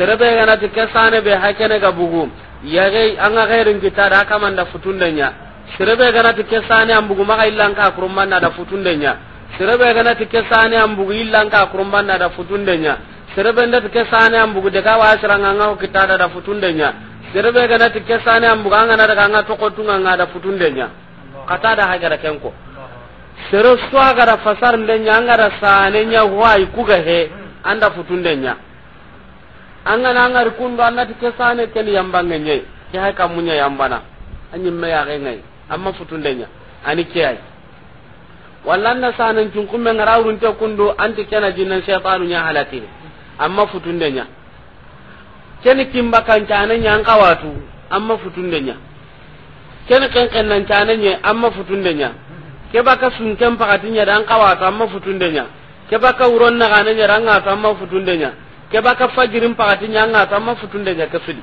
Speaker 1: serebe gana ti kesane be hakene ga bugu an ga gairin kita da kama da danya serebe gana ti kesane an bugu maka illan ka kurumman na da danya serebe gana ti kesane an bugu illan ka kurumman na da danya serebe nda ti kesane an bugu de ka wa an ga kita da da danya serebe gana ti kesane an bugu anga na da anga to kotunga anga da futundenya kata da hagara kenko sero swa da fasar ndenya anga da sanenya huwa ga he anda futundenya anga na ngari anna ti kesane ken yambange nye ke hay kamunya yambana anyi me ya ngai amma futundenya ani ke ay wallanna sanan cun kumme ngarawrun te kundo anti kana jinan shaytanu nya halati amma futundenya keni kimba kan tane nya an watu amma futundenya keni kan kan nan tane nya amma futundenya ke baka sun kan pakatinya dan kawatu amma futundenya ke baka uron na gananya ranga amma futundenya keba ka fajirin pakati nyanga ta ma futunde nya kafidi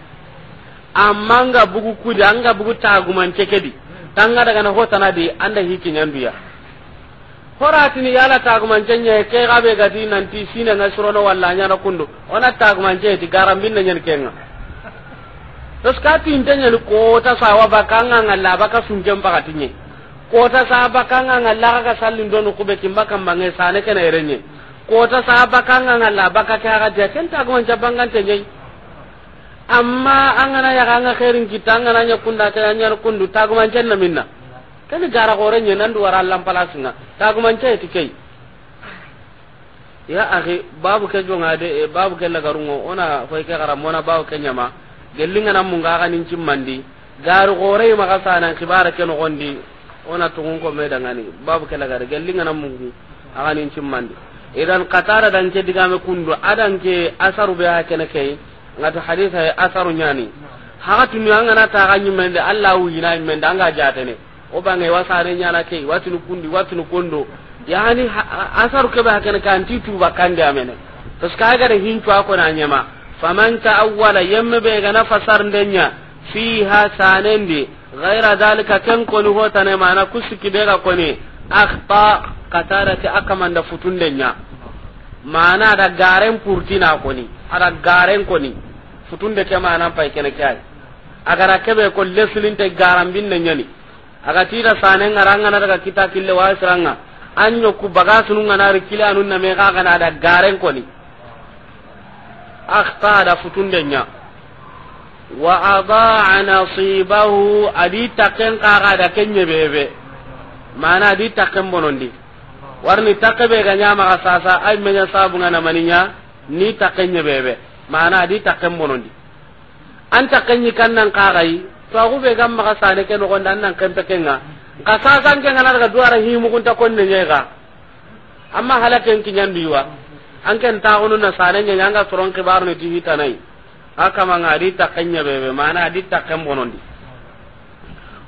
Speaker 1: amma nga bugu kudi anga bugu teke di tanga daga na hota na di anda hiki horati horatini yala guman jenye ke gadi nan ti sina na no walla nya na kundu ona guman je di garam na nyen kenga tos kati intenya ni kota sawa bakanga ngalla ka sunje pakati nye kota sawa bakanga ngalla ka sallin donu kubeki mbaka mbange sane kana erenye kota sa bakanga ngalla baka ka ga dia ken ta gon jabangan te nyai amma angana ya ganga khairin kita angana nya kunda ta nya kundu ta gon janna minna kan gara gore nya nan duwara Allah palasinga ta gon ce ti kai ya akhi babu ke jonga de eh, babu ke la garungo ona fay ke garam mona babu ke nyama gelinga nan mun ga ganin mandi garu gore ma ga sanan kibara ke no gondi ona tungun ko me ngani babu ke la gar gelinga nan mun ga ganin mandi idan qatara dan ke me kundu adan ke asaru be ha kene kay ngata haditha asaru nyani haka tunu an ngana ta ganyi de allah wu yina mende anga ne o ba ngai wasare nyana kay watunu kundi nu kondo yani asaru ke ba ha kene kan titu de amene to ska ga da hincu ko na nyama faman ta awwala yamma be ga na fasar ndenya fiha sanendi ghaira dalika ken koni hotane mana kusiki be ga koni akhta qatarati akamanda futundenya mana ada garen na koni ada garen koni futunde ke manan pay kene kai agara kebe ko leslin te garan bin ne nyani aga tira sanen ngaranga na daga kita kille wa siranga anyo ku baga sunu na rikile anun na me ga kana ada garen koni akhta da de nya wa adaa nasibahu adi ka ga da kenye bebe mana adi taken bonondi warni takabe ga nyama ga sasa ay menya sabu ngana maninya ni takenye bebe mana di takem monondi an takenye kannan kagai to go be gam maga sane ke no gonda nan kan takenga ga sasa ke ngana na ga duara himu kunta konne ga amma halaken ki nyandi wa an ken ta gonu na sane nyanga nga soron ke barne di hitanai haka manga adi takenye bebe mana di takem bonondi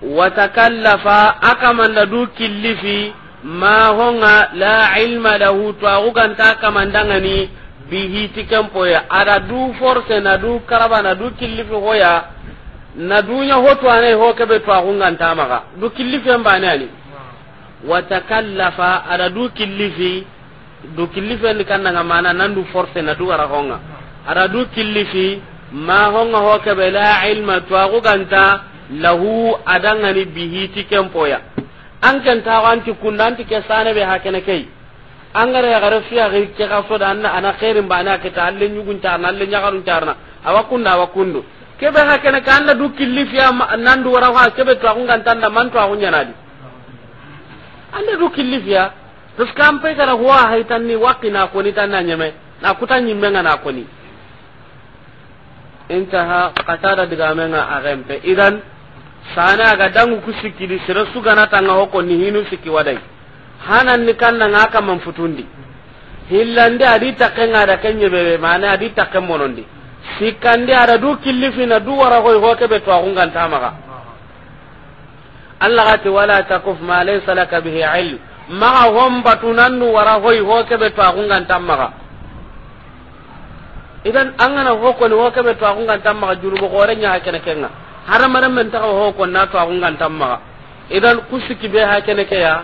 Speaker 1: watakallafa akamanda du killifi ma honga la ilma lahu to agu ganta kamandangani bihi tikenpoya ada du force na du karaba na du killifi hoya na dunya hoto anai ho kebe to agu ganta maga du killifi mbani ani wa takallafa ada du killifi du killifi ni kannanga mana nan du force na du ara honga ada du killifi ma honga ho kebe la ilma to agu ganta lahu adangani bihi tikenpoya an kan ta wa anti kunna anti ke sane be hakene kai an gare gara fiya gari ke ka so da anna ana khairin ba ana ke ta alle nyugun ta na alle nyagarun ta na awa kunda awa kundu ke be hakene kan anna du killi fiya nan du wara ha ke be ta kun kan tanda man ta a kunya na di anna du killi fiya to skam pe gara huwa haitan ni waqina ko ni tan na nyeme na kutan nyimbe na ko ni intaha qatada diga menga agempe idan sana aga dangu ku di sira sugana tanga hoko ni hinu siki wadai hanan ni kanna ngaka man futundi hillande adi takke ngada kenye bebe mana adi takke monondi sikande ada du na du wara hoy hoke be to agungan tamaga Allah gati wala takuf ma laysa laka bihi ilm maga homba tunannu wara hoy hoke be to agungan tamaga idan angana ni hoke be to agungan tamaga jurugo gore nya hakene kenga haramaran men taxa ko na taxungan tammaxa idan kusuki be ha kene ke ya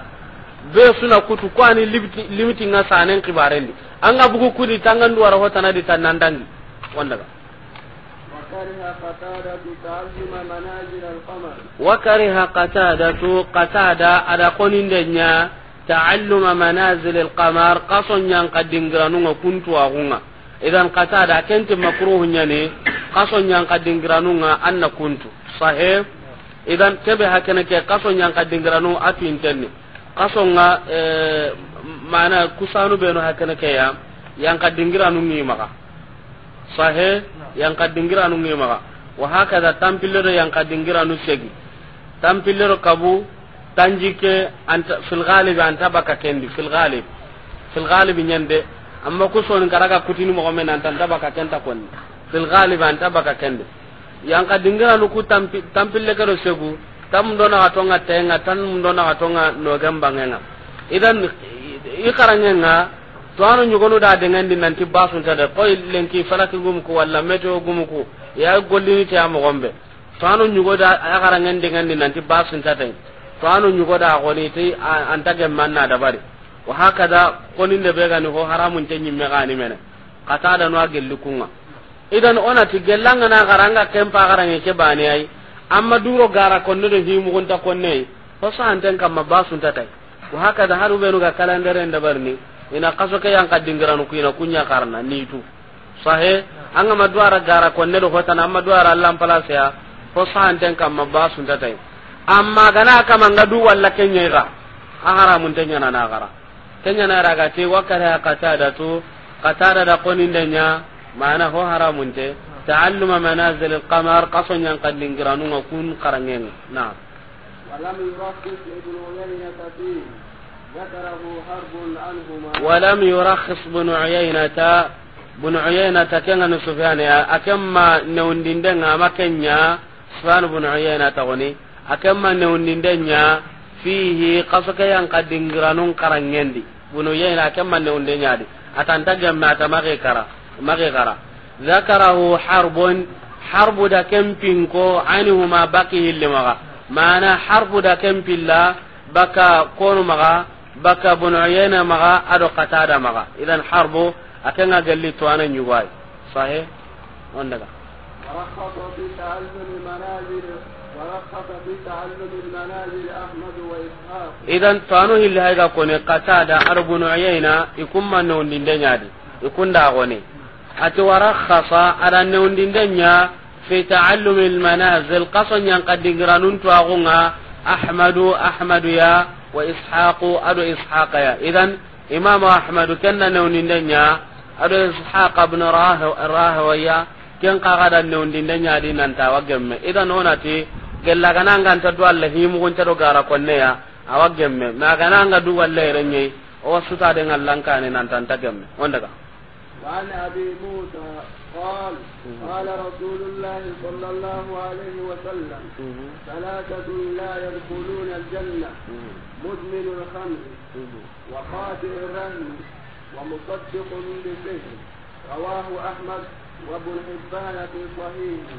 Speaker 1: be suna kutu ko ani limiti nga sanen an anga bugu kudi tangan duwara hotanadi ta nandangi wondaga wakariha katadatu katada ada konindenya ta'alluma manazil alqamar qason yang kadingranu nga kuntu agunga idan kata qatada kenti makruhu nyane qaso nyang nga anna kuntu sahih idan kebe hakene ke qaso nyang kadingiranu atu intenni kaso nga e, mana kusanu beno hakene ke ya yang kadingiranu ngi maka sahih yang kadingiranu ngi maka wa hakaza tampilero yang kadingiranu segi tampilero kabu tanjike anta fil ghalib anta baka kendi fil ghalib fil ghalib nyande amma ku soni karaga kutini mo men nan tan tabaka kenta kon fil ghalib an ka kende yang ka dingira nu ku tampil tampille karo segu tam do na atonga tenga tan do na atonga no gambangenga idan i karangenga to anu nyugonu da dengan din nanti basun ta da koy lenki falaki gum ko walla meto gum ko ya golli ta mo gombe to anu nyugo da a karangen dengan din nanti basun ta ta to anu nyugo da goni ti anta gemman na da bari wa hakada konin da bega ni ho haramun tan nyimme gani mena kata da no gelli kunga idan ona ti gellanga na garanga kempa garanga ke bani ai amma duro gara konno de himu ta konne ho sa anten kam mabasun tai wa hakada haru be no ga kalandare barni ina kaso ke yang kadingiran ku ina kunya karna nitu sahe anga madwara gara konne do hotana amma duara allan palase ya ho sa anten kam mabasun tai amma gana kama ngadu walla kenyega a haramun tanya na na gara kenyana ragate wakare a katada to katada da konin da nya mana ho haramun te ta'alluma manazil al-qamar qason yan qallin giranu wa kun qarangen na
Speaker 2: walam yurakhis ibn uyayna tati
Speaker 3: yakarahu harbun anhuma walam
Speaker 1: yurakhis ibn uyayna ta ibn uyayna ta kenan sufyan ya akamma nawndin den amakenya sufyan ibn uyayna ta goni akamma nawndin den nya fihi qasaka yan qaddin giranun qarangen di bunu yehna kemman ne unde atan atanta gemme ata mage kara mage kara zakarahu harbun harbu da kempin ko anihuma baki hilli maga mana harbu da kempilla baka konu maga baka bunu yehna maga ado qatada maga idan harbu akenga galli to anan yuwai sahih on daga idan tanu hilli hay ga kone kata da arbun ayina ikum man non din denya di ikun da gone ati wara khasa ara non din denya fi ta'allum al manazil qasan yang kadigranun tu agunga ahmadu ahmadu ya wa ishaq adu ishaq ya idan imam ahmadu kenna non din denya adu ishaq ibn ya ken qagada non din nan ta wagemme idan onati gella kana nga ta do Allah hi mu gonta do gara konne ya awa gemme ma kana nga du walla renye o suta de ngallan kane nan tan ta gemme on daga
Speaker 2: وعن ابي موسى قال قال رسول الله صلى الله عليه وسلم لا يدخلون مدمن الخمر وقاطع الرهن ومصدق بسحر رواه أحمد وابن حبان في صحيحه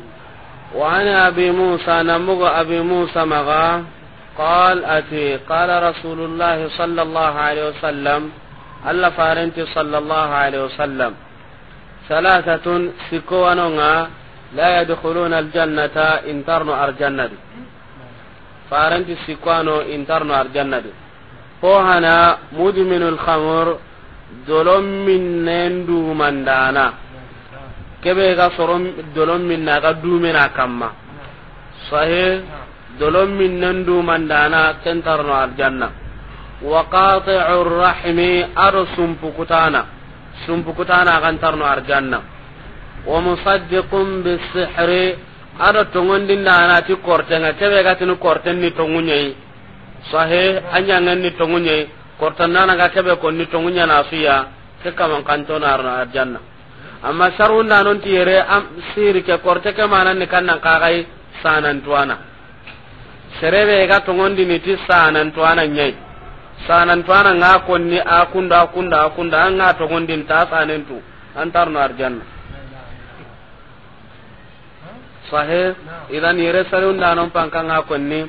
Speaker 1: وعن أبي موسى نمغ أبي موسى مغا قال أتي قال رسول الله صلى الله عليه وسلم ألا فارنتي صلى الله عليه وسلم ثلاثة سكوانونا لا يدخلون الجنة انترنو أرجنة فارنتي سكوانو انترنو أرجنة هنا مدمن الخمر ظلم من نندو مندانا kebe ga soron dolon min na ga dumena kamma sahe dolon min nan duman dana no aljanna wa qati'u rahimi sum pukutana kan tarno aljanna wa musaddiqun bisihri ado tongondin dana ti kortenga kebe ga tinu korten ni tongunye sahe anyangan ni tongunyei kortan na ga kebe kon ni tongunya na suya ke kaman kantona arjanna. aljanna amma sarunda non ti yere am siri ke korte ke manan ni kannan kakai sanan tuana serebe ga tongondi ni ti sanan tuana nyai sanan tuana nga konni akunda akunda akunda an nga tongondi ta sanan tu antar no arjanna sahe idan yere sarunda non panka nga konni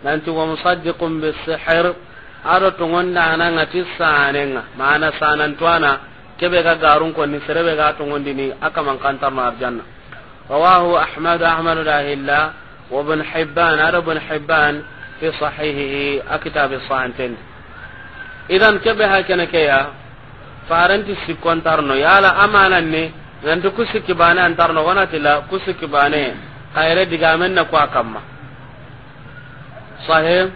Speaker 1: nanti wa musaddiqun bis sihr ado tongonda ananga ti sanenga mana sanan tuana kebe ga garun ko ni serebe ga to ngondi ni aka man kantar na arjanna rawahu ahmad ahmad rahilla wa ibn hibban arab ibn hibban fi sahihihi akitab as-sahantin idan kebe ha kana ke ya faranti sikon tarno yala amanan ne nan to kusiki bane an tarno wana tilla kusiki bane kayre diga men na kwa kamma sahih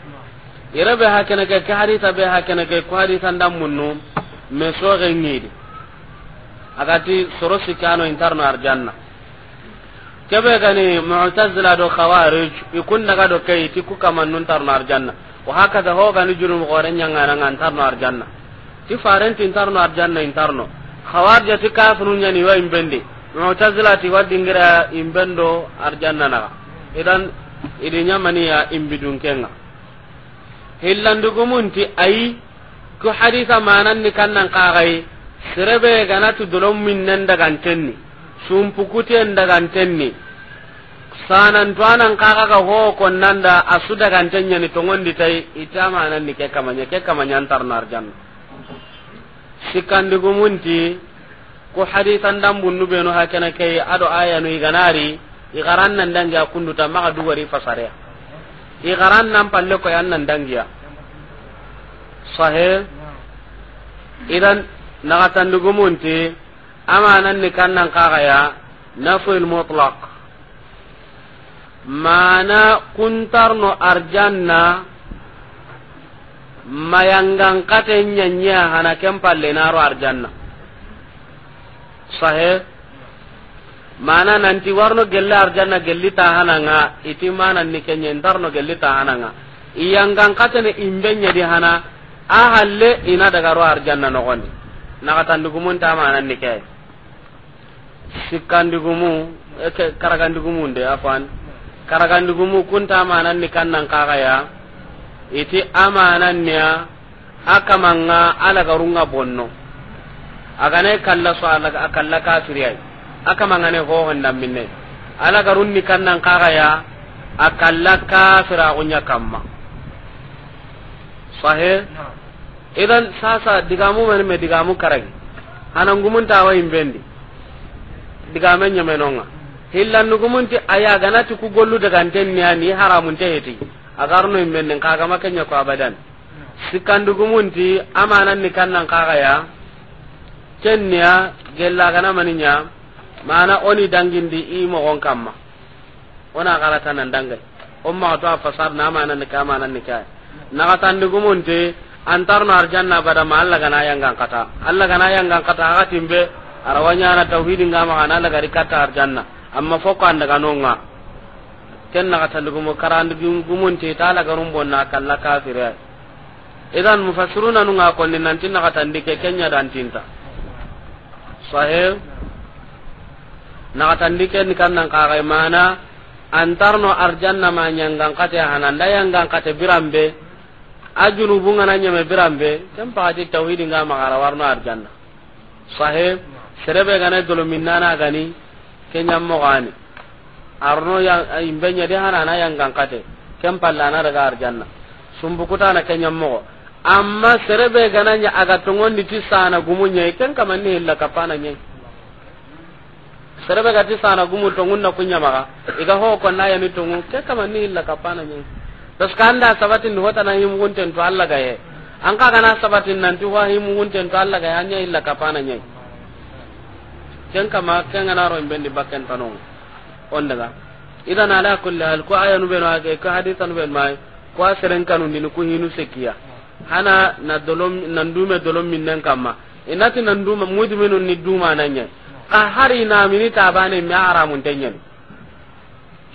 Speaker 1: irabe ha kana ke ka hadita be ha kana ke ko haditan dan munnu me so ga ngidi agati soro sikano intarno arjanna kebe gani mu'tazila do khawarij ikun daga do kai tiku kaman nun tarno arjanna wa hakaza ho gani junum gore nyangana ngan tarno arjanna ti farenti intarno arjanna intarno khawarij ti kafirun nyani wa imbende mu'tazila ti wadingira imbendo arjanna na. idan idinya maniya imbidun kenga hillandugumunti ayi ku haditha manan ni kannan kagai serebe ganatu dolom minnen dagantenni sumpukuten sanan tuanan kaka ka ho da asu dagantenñani togondi tai ni ke kamanya ke kamanya narjan arjanna sikkandigumunti ko hadisan bunnu beno hakana kene ado aya no iganari igaran nan dangiya kunduta maga dugari fasarea igaran nan palle ko yan nan dangiya sahe idan nagatandugumunti
Speaker 3: amananni kannan kaxaya
Speaker 1: nafuil mutlak mana kuntarno arjanna mayangankaten ñanñea hana ken pallenaro arjanna sahe mana nanti warno gelle arjanna gelli nga iti mananni kenñe ntarno gelli tahananga iyangankatene imbeñedi hana a halle ina dagaro arjanna nogondi naxatandigumun tamananni ke sikkandigumu karagandigumun de afan karagandigumu kun tamananni kannan kaxaya iti amananniya a kamanga alagarunga bonno agane kalla so a kalla kafiriyai a kamangane hohondanminne alagarunni kannan kaxaya a kalla kafira xunya kamma sahe no. idan sasa digamu men me digamu karagi hanan gumun ta wa imbendi digamen menonga hillan ti aya ganati ku gollu daga antenni ani haramun te heti agarno imbendi kaga makanya ko abadan ti amanan ni kannan kaga ya kenniya gella gana maninya mana oni dangindi i mogon kamma ona kala tanan dangal umma to fasar na amanan ni kama nan ni kai na ti antarno arjanna bada ma Allah gana yangan kata Allah gana yangan kata aga timbe arawanya na tauhidin ga ma Allah gari kata arjanna amma foko anda ganonga ken na kata lugumo karand gumun te tala garum bonna kala kafira idan mufassiruna nunga konni nanti na kata ndike kenya dan tinta sahih na kata ndike ni kannan kaga mana antarno arjanna ma nyangan kata hananda yangan kata birambe ajunubu ngana nyame birambe tan paati tawhid nga magara warno arjanna sahib serebe gane dolo minna na gani kenyam mo gani arno ya imbe nya de hanana yang gangkate kem pallana daga arjanna sumbu kuta na kenyam mo amma serebe gana nya aga tongon ni ti sana gumunya ken kamanni illa kapana nya serebe gati sana gumu tongun na kunya maga iga ho konna ya ni tongun ken kamanni illa kapana nya parce que anda sabatin do hotana him gunten to Allah ga ye an ka kana sabatin nan to him gunten to Allah ga ye anya illa kapana nyai ken kama ken ngana ro imben di bakken tanon on daga idan ala kulli hal ko ayanu be no age ko hadithan be mai ko asren kanu din ku hinu sekia hana na dolom nan dume dolom min nan kama inati nan duma mudu minun ni duma nyai ka hari na minita bane mi haramun tanyen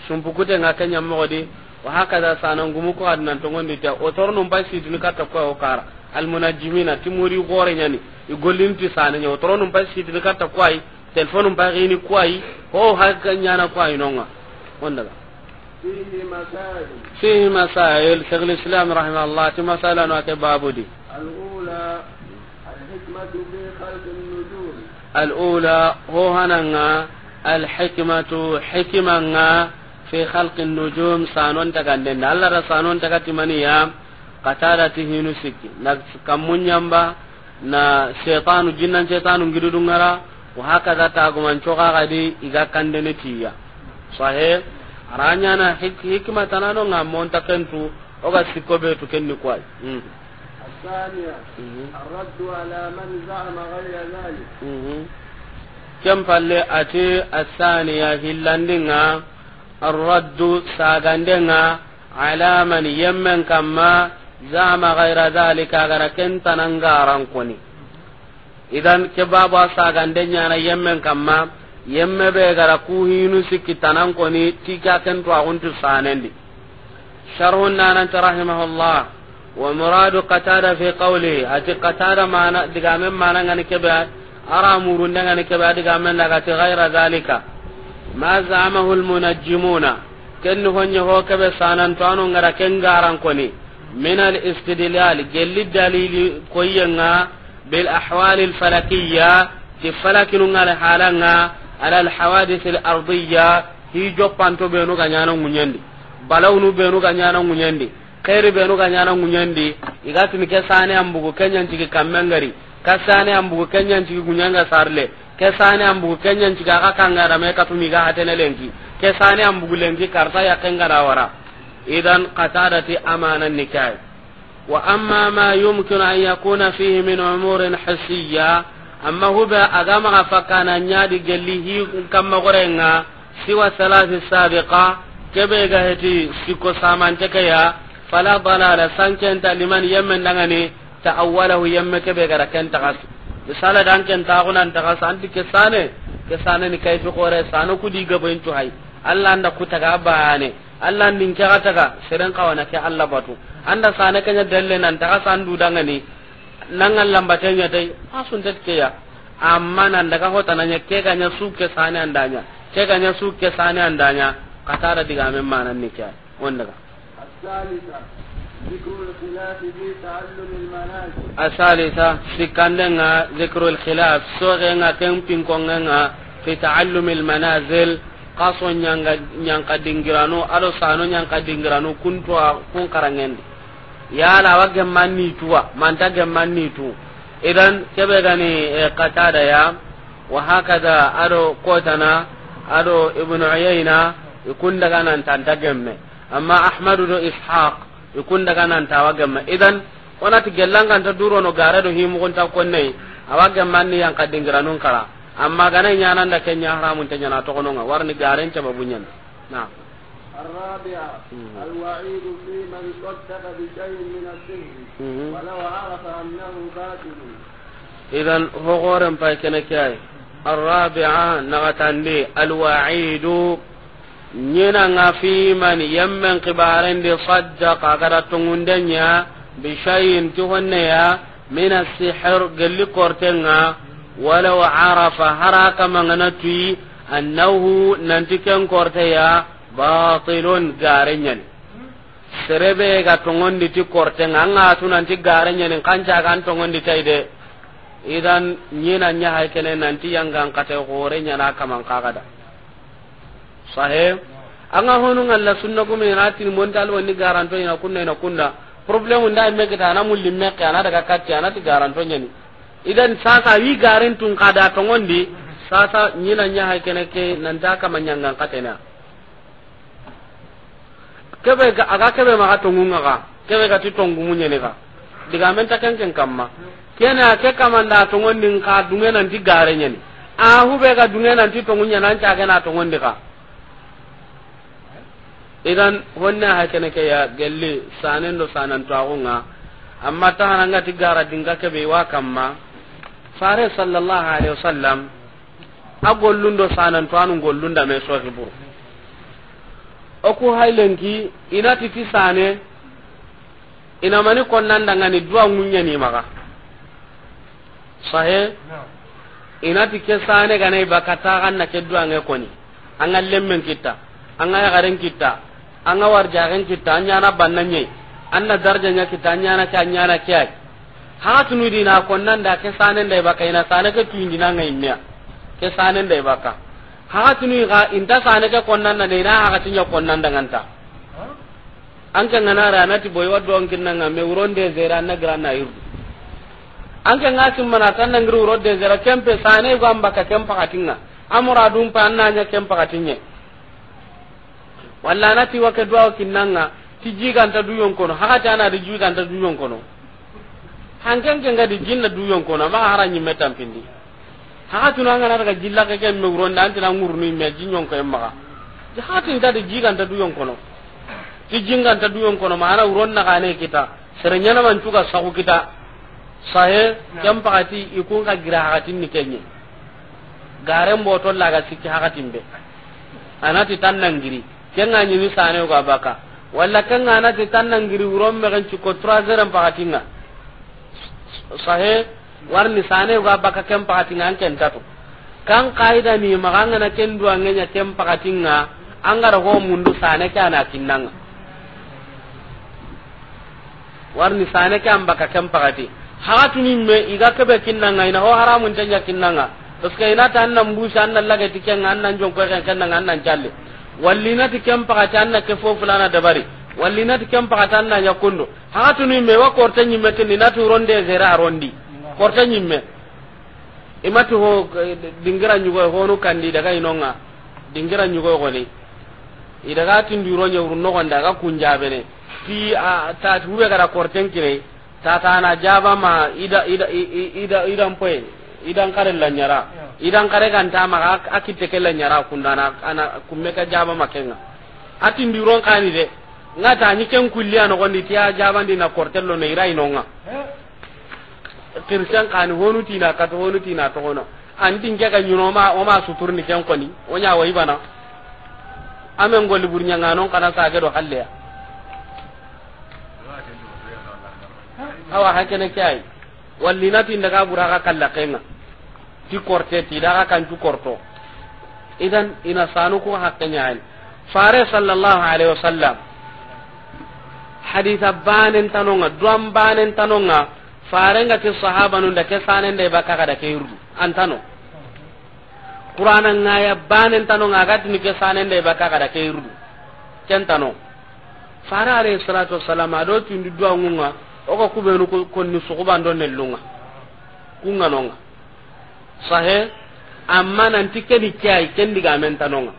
Speaker 1: sumpukute ngakanya mo di wa hakaza sanan gumu ko adnan to ngondi ta o tornum bay sidini katta ko o kara al munajjimina timuri gore nyani i gollinti sananya o tornum bay sidini katta ko ay telefonum bay gini ko ay ho hakka nyana ko ay nonga wondaga fihi masail shaykh al-islam rahimahullah ti masalan wa tababudi
Speaker 2: al-ula al-hikmatu fi khalq an-nujum
Speaker 1: al-ula ho hananga al-hikmatu hikmanga fi khalqi nujum sanon daga den Allah ra sanon daga timani ya katara ti hinu sikki na kamunyamba na shaytanu jinnan shaytanu ngidudun ngara wa haka za ta guman coka kadi iga kandene tiya sahe aranya na hikma tanano ngamon takentu oga sikko betu kenni kwai mm.
Speaker 2: الثانية الرد على من زعم غير ذلك
Speaker 1: كم فلي أتي الثانية هلاندنا الرد ساغندنا على من يمن كما زعم غير ذلك غير كنت ننغارن كوني idan ke babu sagande yana yemmen kamma yemme be gara ku hinu tanan koni tika ken to aguntu sanendi sharhu nanan rahimahullah wa muradu qatada fi qawli ati qatada mana digamen mana ngani kebe ara murunda ngani kebe digamen daga ti ghaira zalika ma zamahu almunajjimuna kenni honye ho kebe sanan to anu ngara ken garan koni min al istidlal gelli dalili koyenga bil ahwal al falakiyya ti falakinu ngale halanga ala al hawadith al ardiyya hi joppanto benu ga nyana munyendi balawnu benu ga nyana munyendi khairi benu ganyana nyana munyendi igatini ke sane ambugo kenyan tigi kamengari kasane ambugo kenyan tigi gunyanga sarle ke sane ambugu kenyen ciga ka kangara me ka tumiga hatene lengi ke sane ambugu karta ya kengara wara idan qatadati amana nikah wa amma ma yumkin an yakuna fihi min umurin hissiyya amma huba agama ga fakana nyadi gelli hi kamma gorenga siwa salasi sabiqa kebe ga heti siko samante kaya fala balala ta liman yemmen dangane awwalahu yemme kebe ga rakenta kasu risala dan ken ta ko nan ta santi ke sane ke sane ni kai to sano ku diga to hay Allah anda ku taga bane Allah ndin ka taga seren kawana ke Allah batu anda sane kanya dalle nan ta ka sandu dangani nan Allah batanya dai asun ke ya amma nan daga hota nanya ke ganya su ke sane andanya ke ganya su ke sane andanya da diga men manan ni kya wanda ka
Speaker 2: ذكر الخلاف في تعلم المناسك الثالثة سكاننا
Speaker 1: ذكر الخلاف kaso sano kun karangendi yala gemman nituwa manta gemman nitu idan keɓe gani katada ya wa hakada kotana aɗo ibnu uyayna ikun daga nan tanta gemme amma ahmadu do ishaq ikun daga nan tawa ma idan ta duro no onati ta durono garedo himugunta konnei ni gemmanni kadin dingiranun kara amma gana ñananda kenya haramunte ñana togononga warni garen cababu ñen na
Speaker 3: الرابعة
Speaker 2: الوعيد في من صدق بشيء من السحر ولو عرف أنه
Speaker 3: باطل
Speaker 1: إذا هو غورم بايكنا كاي الرابعة نغتان الوعيد nga fi ñinanga fiman yemmen kibarendi saddaka agara tongundenya bishayin ti honneya min asihir gelli kortenga wa arafa haraka kamangana tuyi annahu nanti ken korteya batilun garenyan serebe ga tungundi ti kortenga nga tu nanti garenyan kanca kan tungundi taide idan ñina nya haykene nanti yangan kate gore na kamang kagada sahih anga honu ngalla sunna ko me ratin mon dal woni garanto ina kunna ina kunna problem nda me kita na mulli me ka na daga katti ana ti garanto nyani idan sasa wi garin tun kada to ngondi sasa nyina nya ha kene ke nan da ka manyangan katena kebe ga aga kebe ma to ngunga ga kebe ga ti to ngumunye ne ga diga men ta ken ken kamma kene ake kamanda to ngondi ka dunga nan ti gare nyani a hube ga dunga nan ti to ngunya nan ta ga na to ngondi ka idan honne ha kene ke ya gelle sanen do sanan to agunga amma ta hananga tigara dinga ke be wa kamma fare sallallahu alaihi wasallam a gollundo sanan to anu gollunda me so ke buru oku haylenki inati ti sane ina mani nan daga ni duwa munya ni maka sahe inati ke sane ganai bakata kan na ke duwa nge koni an lemmen kita an ga garen kita anga an kitta anyana banna nye anna darja nya kitta na ke anyana na kya ha tunu dina konnan da ke sanen da kai ina sane ke tuindi na ngai miya ke sanen da ka ha tunu ga inda sane ke konnan na na ha tunya konnan da nganta an kan ngana rana ti boy waddo on me uron de zera na grana yu an kan ngasim mana tan uron de zera kempe sane go ka kempa katinga amura dum pa annanya kempa katinye walla nati wake duwa nanga ti jiganta duyon kono haka tana di jiganta duyon kono hanken kenga di jinna duyon kono ma hara nyimme pindi haka tuna ngana daga jilla ke ken nda dan tan ni me jinyon ko emma hakati nda di jiganta duyon kono ti jinganta duyon kono mana uron na kane kita na man tuga sahu kita sahe jam pakati ikun ka gira hakati ni kenye garen botol laga sikki hakati mbe anati tan nangiri kenga ni sane ko abaka walla kenga na te tannan giri wuron me kan ciko 3 heures pakatinga sahe ni sane ko abaka kem pakatinga an ken tatu kan kaida ni maganga na ken duwa ngenya kem pakatinga angara ho mundu sane kana kinnanga ni sane kan baka kem pakati ni me iga be kinnanga ina ho haramun tanya kinnanga parce que ina ta annan busa annan lagati kenga annan jonko kenga annan challe wallinati kem pakati anna ke fo fulana dabari wallinati kem pakati anna nyakundo hakatu ni me wa korta nyimme ke ni natu ronde zera rondi korta nyimme imati ho dingira nyugo honu kandi daga inonga dingira nyugo goni idaga tinduro nyawru nogon daga kunjabene ti a ta hube gara korten kire ta ta na jaba ma ida ida ida ida mpoe idan kare la nyara idan kare kan ta ma akite ke la nyara kundana ana kumme ka jaba makenga ati ndiron kani de ngata ni ken kulliya no gondi tiya ndi na kortello ne irai nonga kirsan kani honu ka to honu tina to hono andi nge ga nyuno ma o ma ni ken koni nya wa ibana amen golli burnya nganon kana sa do halle
Speaker 3: awa hakene kai
Speaker 1: walli nati ndaga ka kalla kenga ti korte ti daga kan tu korto idan ina sanu ko hakkanya ay fare sallallahu alaihi wasallam haditha banen tanonga duam banen tanonga fare ngati sahaba nun da ke sanen da baka kada ke yurdu antano qur'anan ngaya banen tanonga ga ni ke sanen da baka kada ke yurdu kentano fare alaihi salatu wasallam adotu ndu duangunga oga kubenu konni sugubando nellunga kunganonga sahe amma nanti keni kiyai ken digamentanonga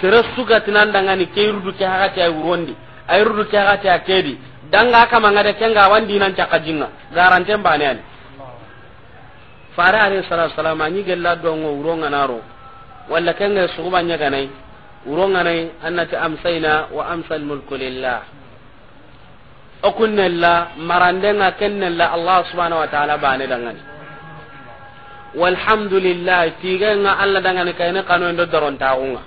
Speaker 1: sere sugatinan ni ke rudu ke haka kiyai wurondi a rudu ke haka kiyai kedi danga kamanga de kenga wandinan caka jinga garanten baneani fare alayhi salatu wasalam anyi gella dongo wuronga naro walla kenga suguba nyaganai wuronga nai annati amsayna wa amsal mulku lillah okunnella marandenga kennella allah subhanahu wa ta'ala bane dangani walhamdulillah tigenga allah dangani kayne kanoendo dorontaxunga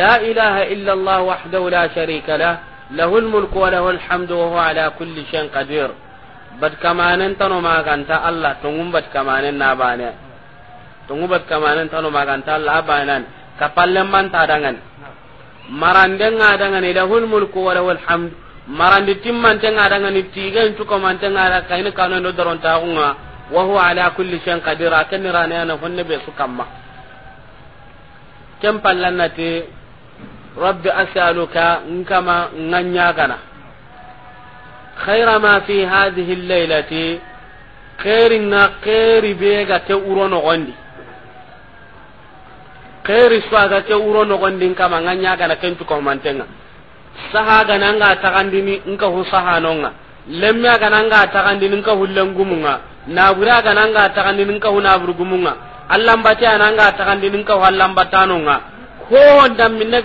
Speaker 1: la ilaha illa allah wahdahu la sharika lah lahu lmulku walahu lhamdu wahuwa ala kulli shein qadir bat kamanen tano maganta allah tongum bad kamanen na bane tongu bat kamanen tano maganta allah a banan kapallen manta dangani marandenga dangani lahu lmulku walahu lhamdu marandi timmante daga ni tiga intu komante ngada kaini kanu ndo ta taunga wa huwa ala kulli shay'in qadir akan rana yana honne be su kamma kem te rabbi as'aluka nkama nganya kana khaira ma fi hadhihi al-lailati khairin na khairi be ga te urono gondi khairi swa ga te urono gondi kama nganya kana kentu komantenga saha gana nga tagandini nka hu nonga lemme gana nga tagandini nka hu lengumunga nabura gana nga tagandini nka hu naburugumunga allambati ananga tagandini nka hu allambatanonga ko ndam minne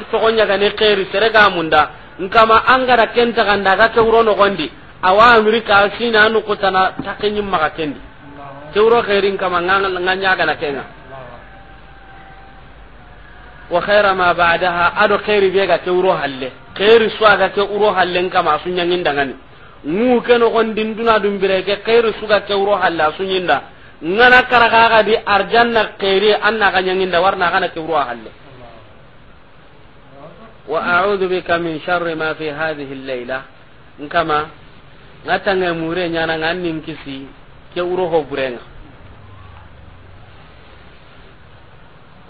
Speaker 1: ne khairi sere ga munda nkama angara kenta ganda ga kewro no gondi awa amrika sina anu kutana takenyi maka kendi kewro qeri nya ga na kenga wa khaira ma ba'daha ado qeri ga kewro halle su ga ke uro hallen kama da ngani mu ke gondin duna dum bireke khairu suga ke uro halla da ngana karaka ga di arjanna khairi anna da war warna kana ke uro halle wa a'udhu bika min sharri ma fi hadhihi al-layla nkama ngatange mure nyana ngani kisi ke uro ho burenga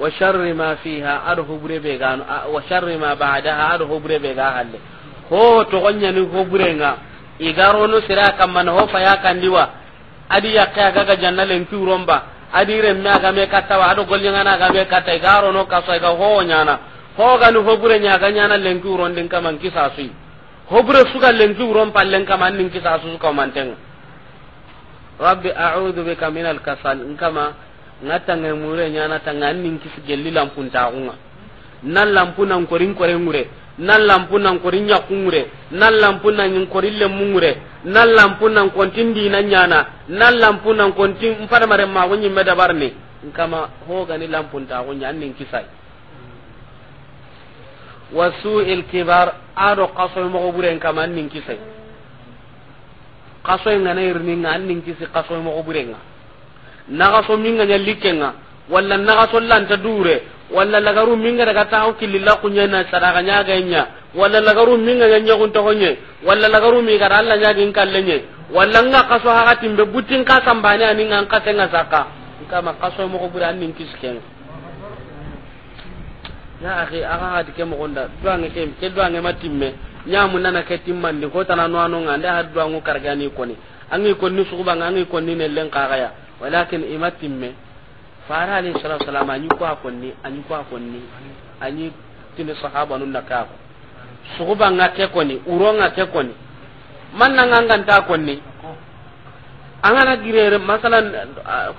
Speaker 1: wa sharri ma fiha ado hobure be ga wa sharri ma ba'daha ado hobure be ga halle ho to gonya ni hobure nga igaro no sira kamman ho fa ya kandiwa adi yakka ga ga jannale nti uromba adi remme aga me katta wa ado gollinga na ga be katta igaro no kaso ga ho nyana ho ga ni hobure nya ga nyana lenki uron din kaman kisasui hobure suga lenki uron pallen kaman nin kisasu ka ten rabbi a'udhu bika min al-kasal nkama nga tanga mure nya na tanga nin kisi gelli lampun unga nan lampun nan korin kore mure nan lampun nan korin nya kumure nan lampun nan nyin korin le mungure nan lampun nan kontin di nya na nan lampun nan kontin mpara mare ma wonyi meda barne kama ho gani lampun taunga nin kisai il kibar ado kaso mo buren kama nin kisai kaso ngana irni nga nin kisai kaso mo bure nga. naga so minga nya likenga wala naga so lanta dure walla lagaru minga daga taw kililla kunya na sadaka nya ganya walla lagaru minga nya nya kunta honye walla lagaru mi gara alla nya gin kallenye wala nga kaso hakati mbe butin ka sambani ani nga nka nga saka kama kaso mo ko bura anin kisken ya akhi aga hadi ke mo gonda duange ke ke duange matimme nyamu nana ke timmandi ko tanano anonga nda hadu angu kargani koni angi konni sukuba angi konni ne len kagaya walakin me fara alayhi salatu wasalam anyi ko akonni anyi ko akonni anyi tinu sahaba nun naka ko suguba nga ke koni uro nga ke koni man na nga ta konni angana girere masalan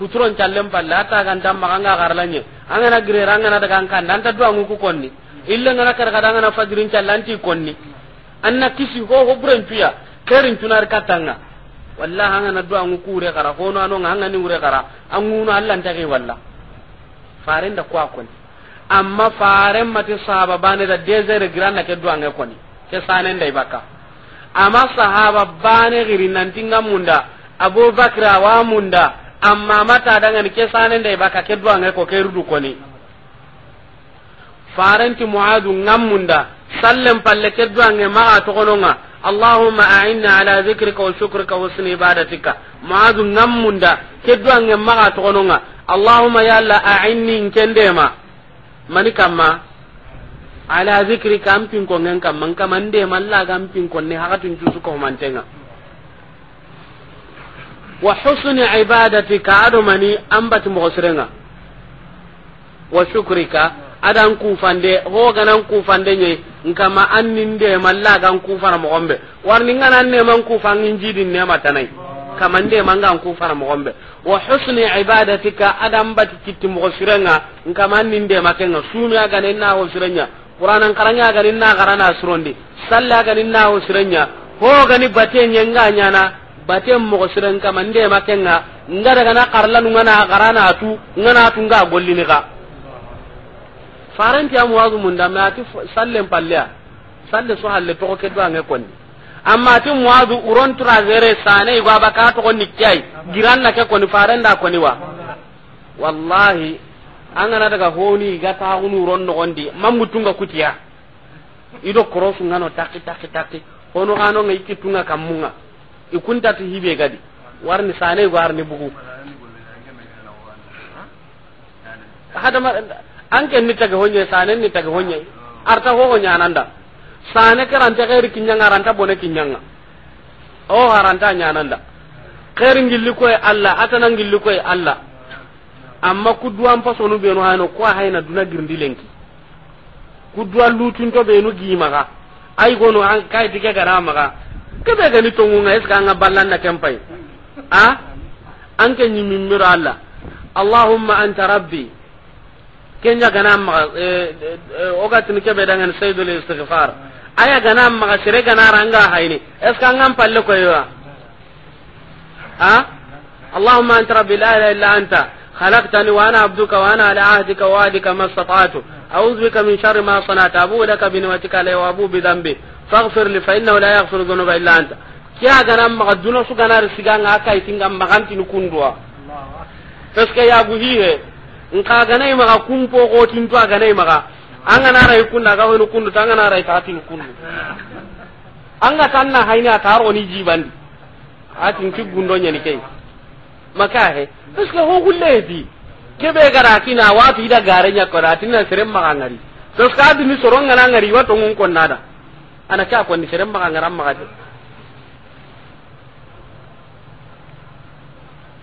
Speaker 1: kuturon ah, challem palla ta kan dam maka nga garlanye angana girere angana daga kan dan ta dua nguku konni illa ngana kar kada angana fajrin challanti konni anna kisi ho ho buren kerin tunar katanga walla hanga na do angu kure kara ko no anon hanga ni ure kara angu no Allah ntake walla faren da kwa kon amma faren mate sahaba bane da desert grand ke do anga koni ke sanen dai baka. amma sahaba bane giri nan tinga munda bakra wa munda amma mata daga ni ke sanen da baka ke do anga ko ke rudu koni farenti muadu ngamunda sallem palle ke do anga ma to kononga اللهم أعنا على ذكرك وشكرك وحسن عبادتك معاذ نموندا كدو أن يمغى تغنونا اللهم يا الله أعني إن كندما mani kamma ala zikri kam pin ko ngen kam man kam ande malla kam pin ko ne haka tun jusu ko mantenga wa husni ibadati ka ado mani ambati mo serenga wa shukrika adan kufande ho ganan kufande nye nkama annin de malla gan kufara mo gombe warni ngana ne man kufan din ne matanai kama nde man gan kufara mo gombe wa husni ibadatika adam bat kitti mo sirenga nkama annin de makenga sunu aga ne na ho sirenya qur'anan karanya aga ne na garana surondi salla aga ne na ho sirenya ho gani batenye nganya na bate mo sirenga kama nde makenga ngada kana karla nu ngana garana tu ngana tu nga gollinika faranti amu wazu munda ma ati sallen pallia salle so halle to ke dwange konni amma ati muadu uron zere sane igwa baka to konni kyai giran na ke konni faranda konni wa wallahi an daga honi ga ta hunu uron no gondi mamutunga kutiya ido korosu ngano takki takki takki hono gano ngai kitunga kamunga ikunta ti hibe gadi warni sane warni bugu hadama anke ni taga honye sanen ni taga honye arta ho ho nyananda sane karanta ki kinyanga aranta bone kinyanga o oh, haranta da khair ngilli koy alla atana ngilli koy alla amma kuduwan fasonu benu hano ko hayna duna girndi lenki kuduwan lutunto benu gimaga ay gono an kay dige garamaga kebe gani tongunga eska anga ballanda kempai a ah? anke nyimmiro alla allahumma anta rabbi kenya gana maga e, e, e, ogatini kebe dangan sayyidul istighfar aya gana maga sire gana ranga hayni est ce que ngam palle ko yo ha allahumma anta rabbi la illa anta خلقتني وانا عبدك وانا على عهدك ووعدك ما استطعت اعوذ بك من شر ما صنعت ابو لك بنعمتك علي وابو بذنبي فاغفر لي فانه لا يغفر الذنوب الا انت كيا gana ما دونو سو غنا رسيغا ngaka itinga maganti nukundwa parce que ya guhihe nka ganai maga kumpo ko tinto ganai maga anga na rai kunna ga wani kundu tanga na rai ta tin kundu anga tanna haina taro ni a tin ki gundo nyani kai maka he iska ho gulle di kebe gara kina watu ida gare nya ko ratin na serem maga ngari to ska du ni soronga na ngari wato ngun kon nada ana ka ko ni serem maga ngaram maga de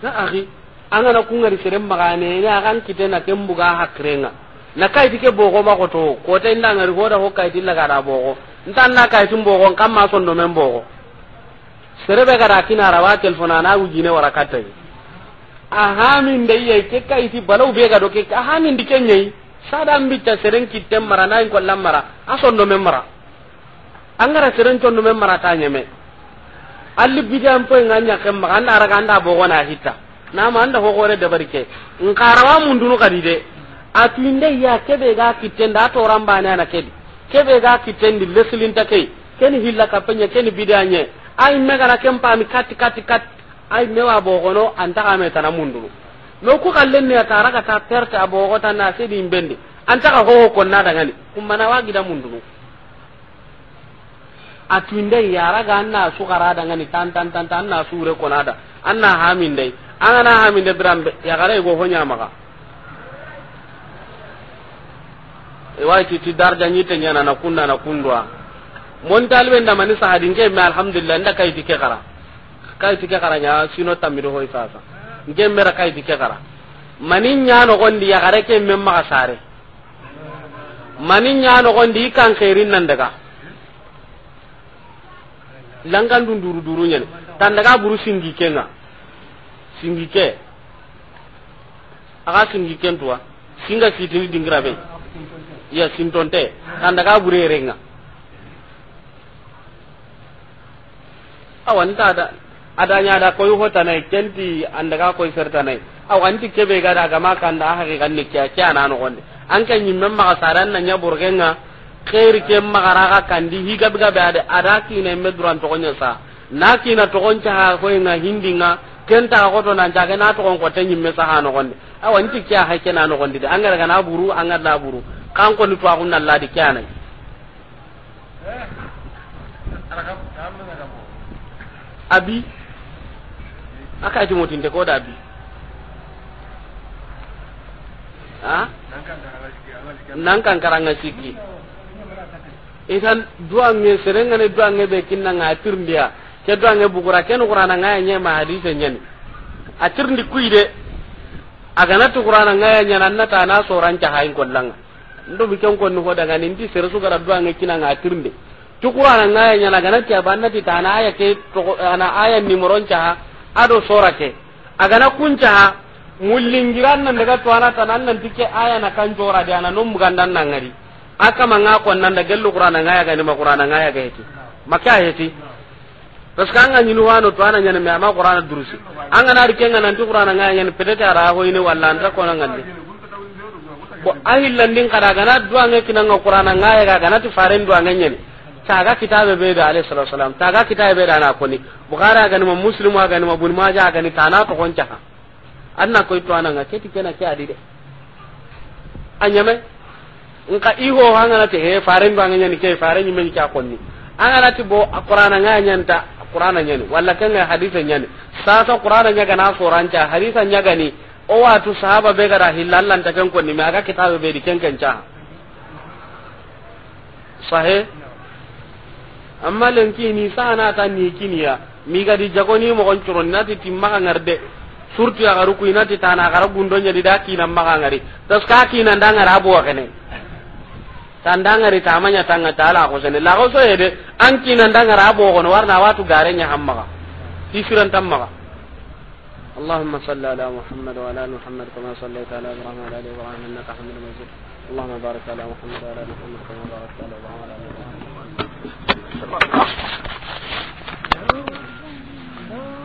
Speaker 1: na akhi angana kungari serem magane ne akan kite na kembuga hakrenga na kai tike bogo ma koto ko ta inda ngari goda ho kai tilla gara bogo ntan na kai tum bogo kan ma son do men bogo be gara kina rawa telefona na jine wara katai ahamin da yai ke kai ti balau be ga do ke di kenye sadan bitta seren kitten mara nai ko mara a sondo men mara angara ton condo men mara ta nyeme alli bidan po nganya kemma anda araga bogo bogona hita. nama anda hogore dabarike nkarawa mundunu kadi de atinde ya kebe ga kitenda atoran bane ana kedi kebe ga kitendi leslinta kei keni hilla kapenya keni bidanye ai megana kempa mi kati kati kati ai mewa bogono anta kame tana mun dunu no ku kallen ne tara ka ta perte abogo tan na sedi imbende anta ka ho ko na daga ni kuma na wagi da mundunu atinde yara ga anna su gara daga ni tan tan tan tan na sure ko nada anna hamin dai angana haminde birambe yagara igo ho ñamaga iwayti e ti darja ñitte ñana na kunda na kundwa me alhamdulillah nda kara kara sino hoy sasa kara mani ke sare mani kan nan daga langan duru tan daga buru singi kenga singi ke aga singi ken tuwa singa sitini dingira be ya sintonte anda ka bure renga awan ta da adanya da koy hota nay kenti anda ka koy serta nay awan ti kebe ga da gama kanda da ha ga ne kya kya na no gonde an kan nyimmen ma saran na nya burgenga khair ke magaraga kan kandi higa biga be ada ada ki ne me duran to gonya sa na ki na to goncha ha koy na hindinga kenta ta to nan jage na to ko tan yimme sa hano gonde awa nti kya ha ken na gonde de angara kana buru angara la buru kan ko ni to agun Allah di kya nan abi aka ji mutin ko da abi ha
Speaker 3: nan kan karanga siki
Speaker 1: idan duange serengane duange be kinna ngatir dia ke do ange bugura ken qur'ana ngaya nye ma hadise nyen atirndi kuide agana to qur'ana ngaya nyen nan na ta na so soran ta ko lang ndo mi ken konno ko daga nin ndi sere su gara do ange kina nga atirndi to qur'ana ngaya nyen agana ti abanna ti ta na aya ke to ana aya ni moronca ado ke sorake agana kunca mullingiran nan daga to ana ta nan tike aya na kan jora da na num gandan nan ngari aka manga ko nan daga qur'ana ngaya ga ni ma qur'ana ngaya ga heti maka heti parce que an ga ɲini wano to ana ñani me ama qur'ana durusi an ga naari kenga nanti qur'ana nga ñani peut-être ara hoyni walla anta kona ngandi bo ahillandin kada gana duwange kinanga na nga yaga ganati faren duwange ñani taga kitabe be da alayhi salatu wasalam taga kitabe be da na koni bukhari aga ni muslim aga ni ibn majah aga ni tana to konca ha anna koy to ananga keti kena ke adi de anyame nka iho hanga na te he faren duwange ñani ke faren ñi men ka an angana ti bo qur'ana nga ta. qur'ana nyani walla kenga hadisa nyani sasa qur'ana nyaga na soranta hadisa nyaga ni o watu sahaba be gara hillallan ta kan konni ma ga kitabu be di kenken cha sahe amma lenki ni sana ta ni kiniya mi ga di jago ni mo gon na nati timma ngarde surtu ya garu ti tana gara gundo nyadi da kina magangari tas ka kina ndanga rabo kene tandangari tamanya tanga tala ko sene la ko soyede an kinan dangara abo gono warna watu garenya hammaga tisiran tammaga اللهم صل على محمد وعلى ال محمد كما صليت على ابراهيم وعلى
Speaker 2: ال ابراهيم انك حميد مجيد اللهم بارك على محمد وعلى ال محمد كما باركت على ابراهيم
Speaker 3: وعلى ال ابراهيم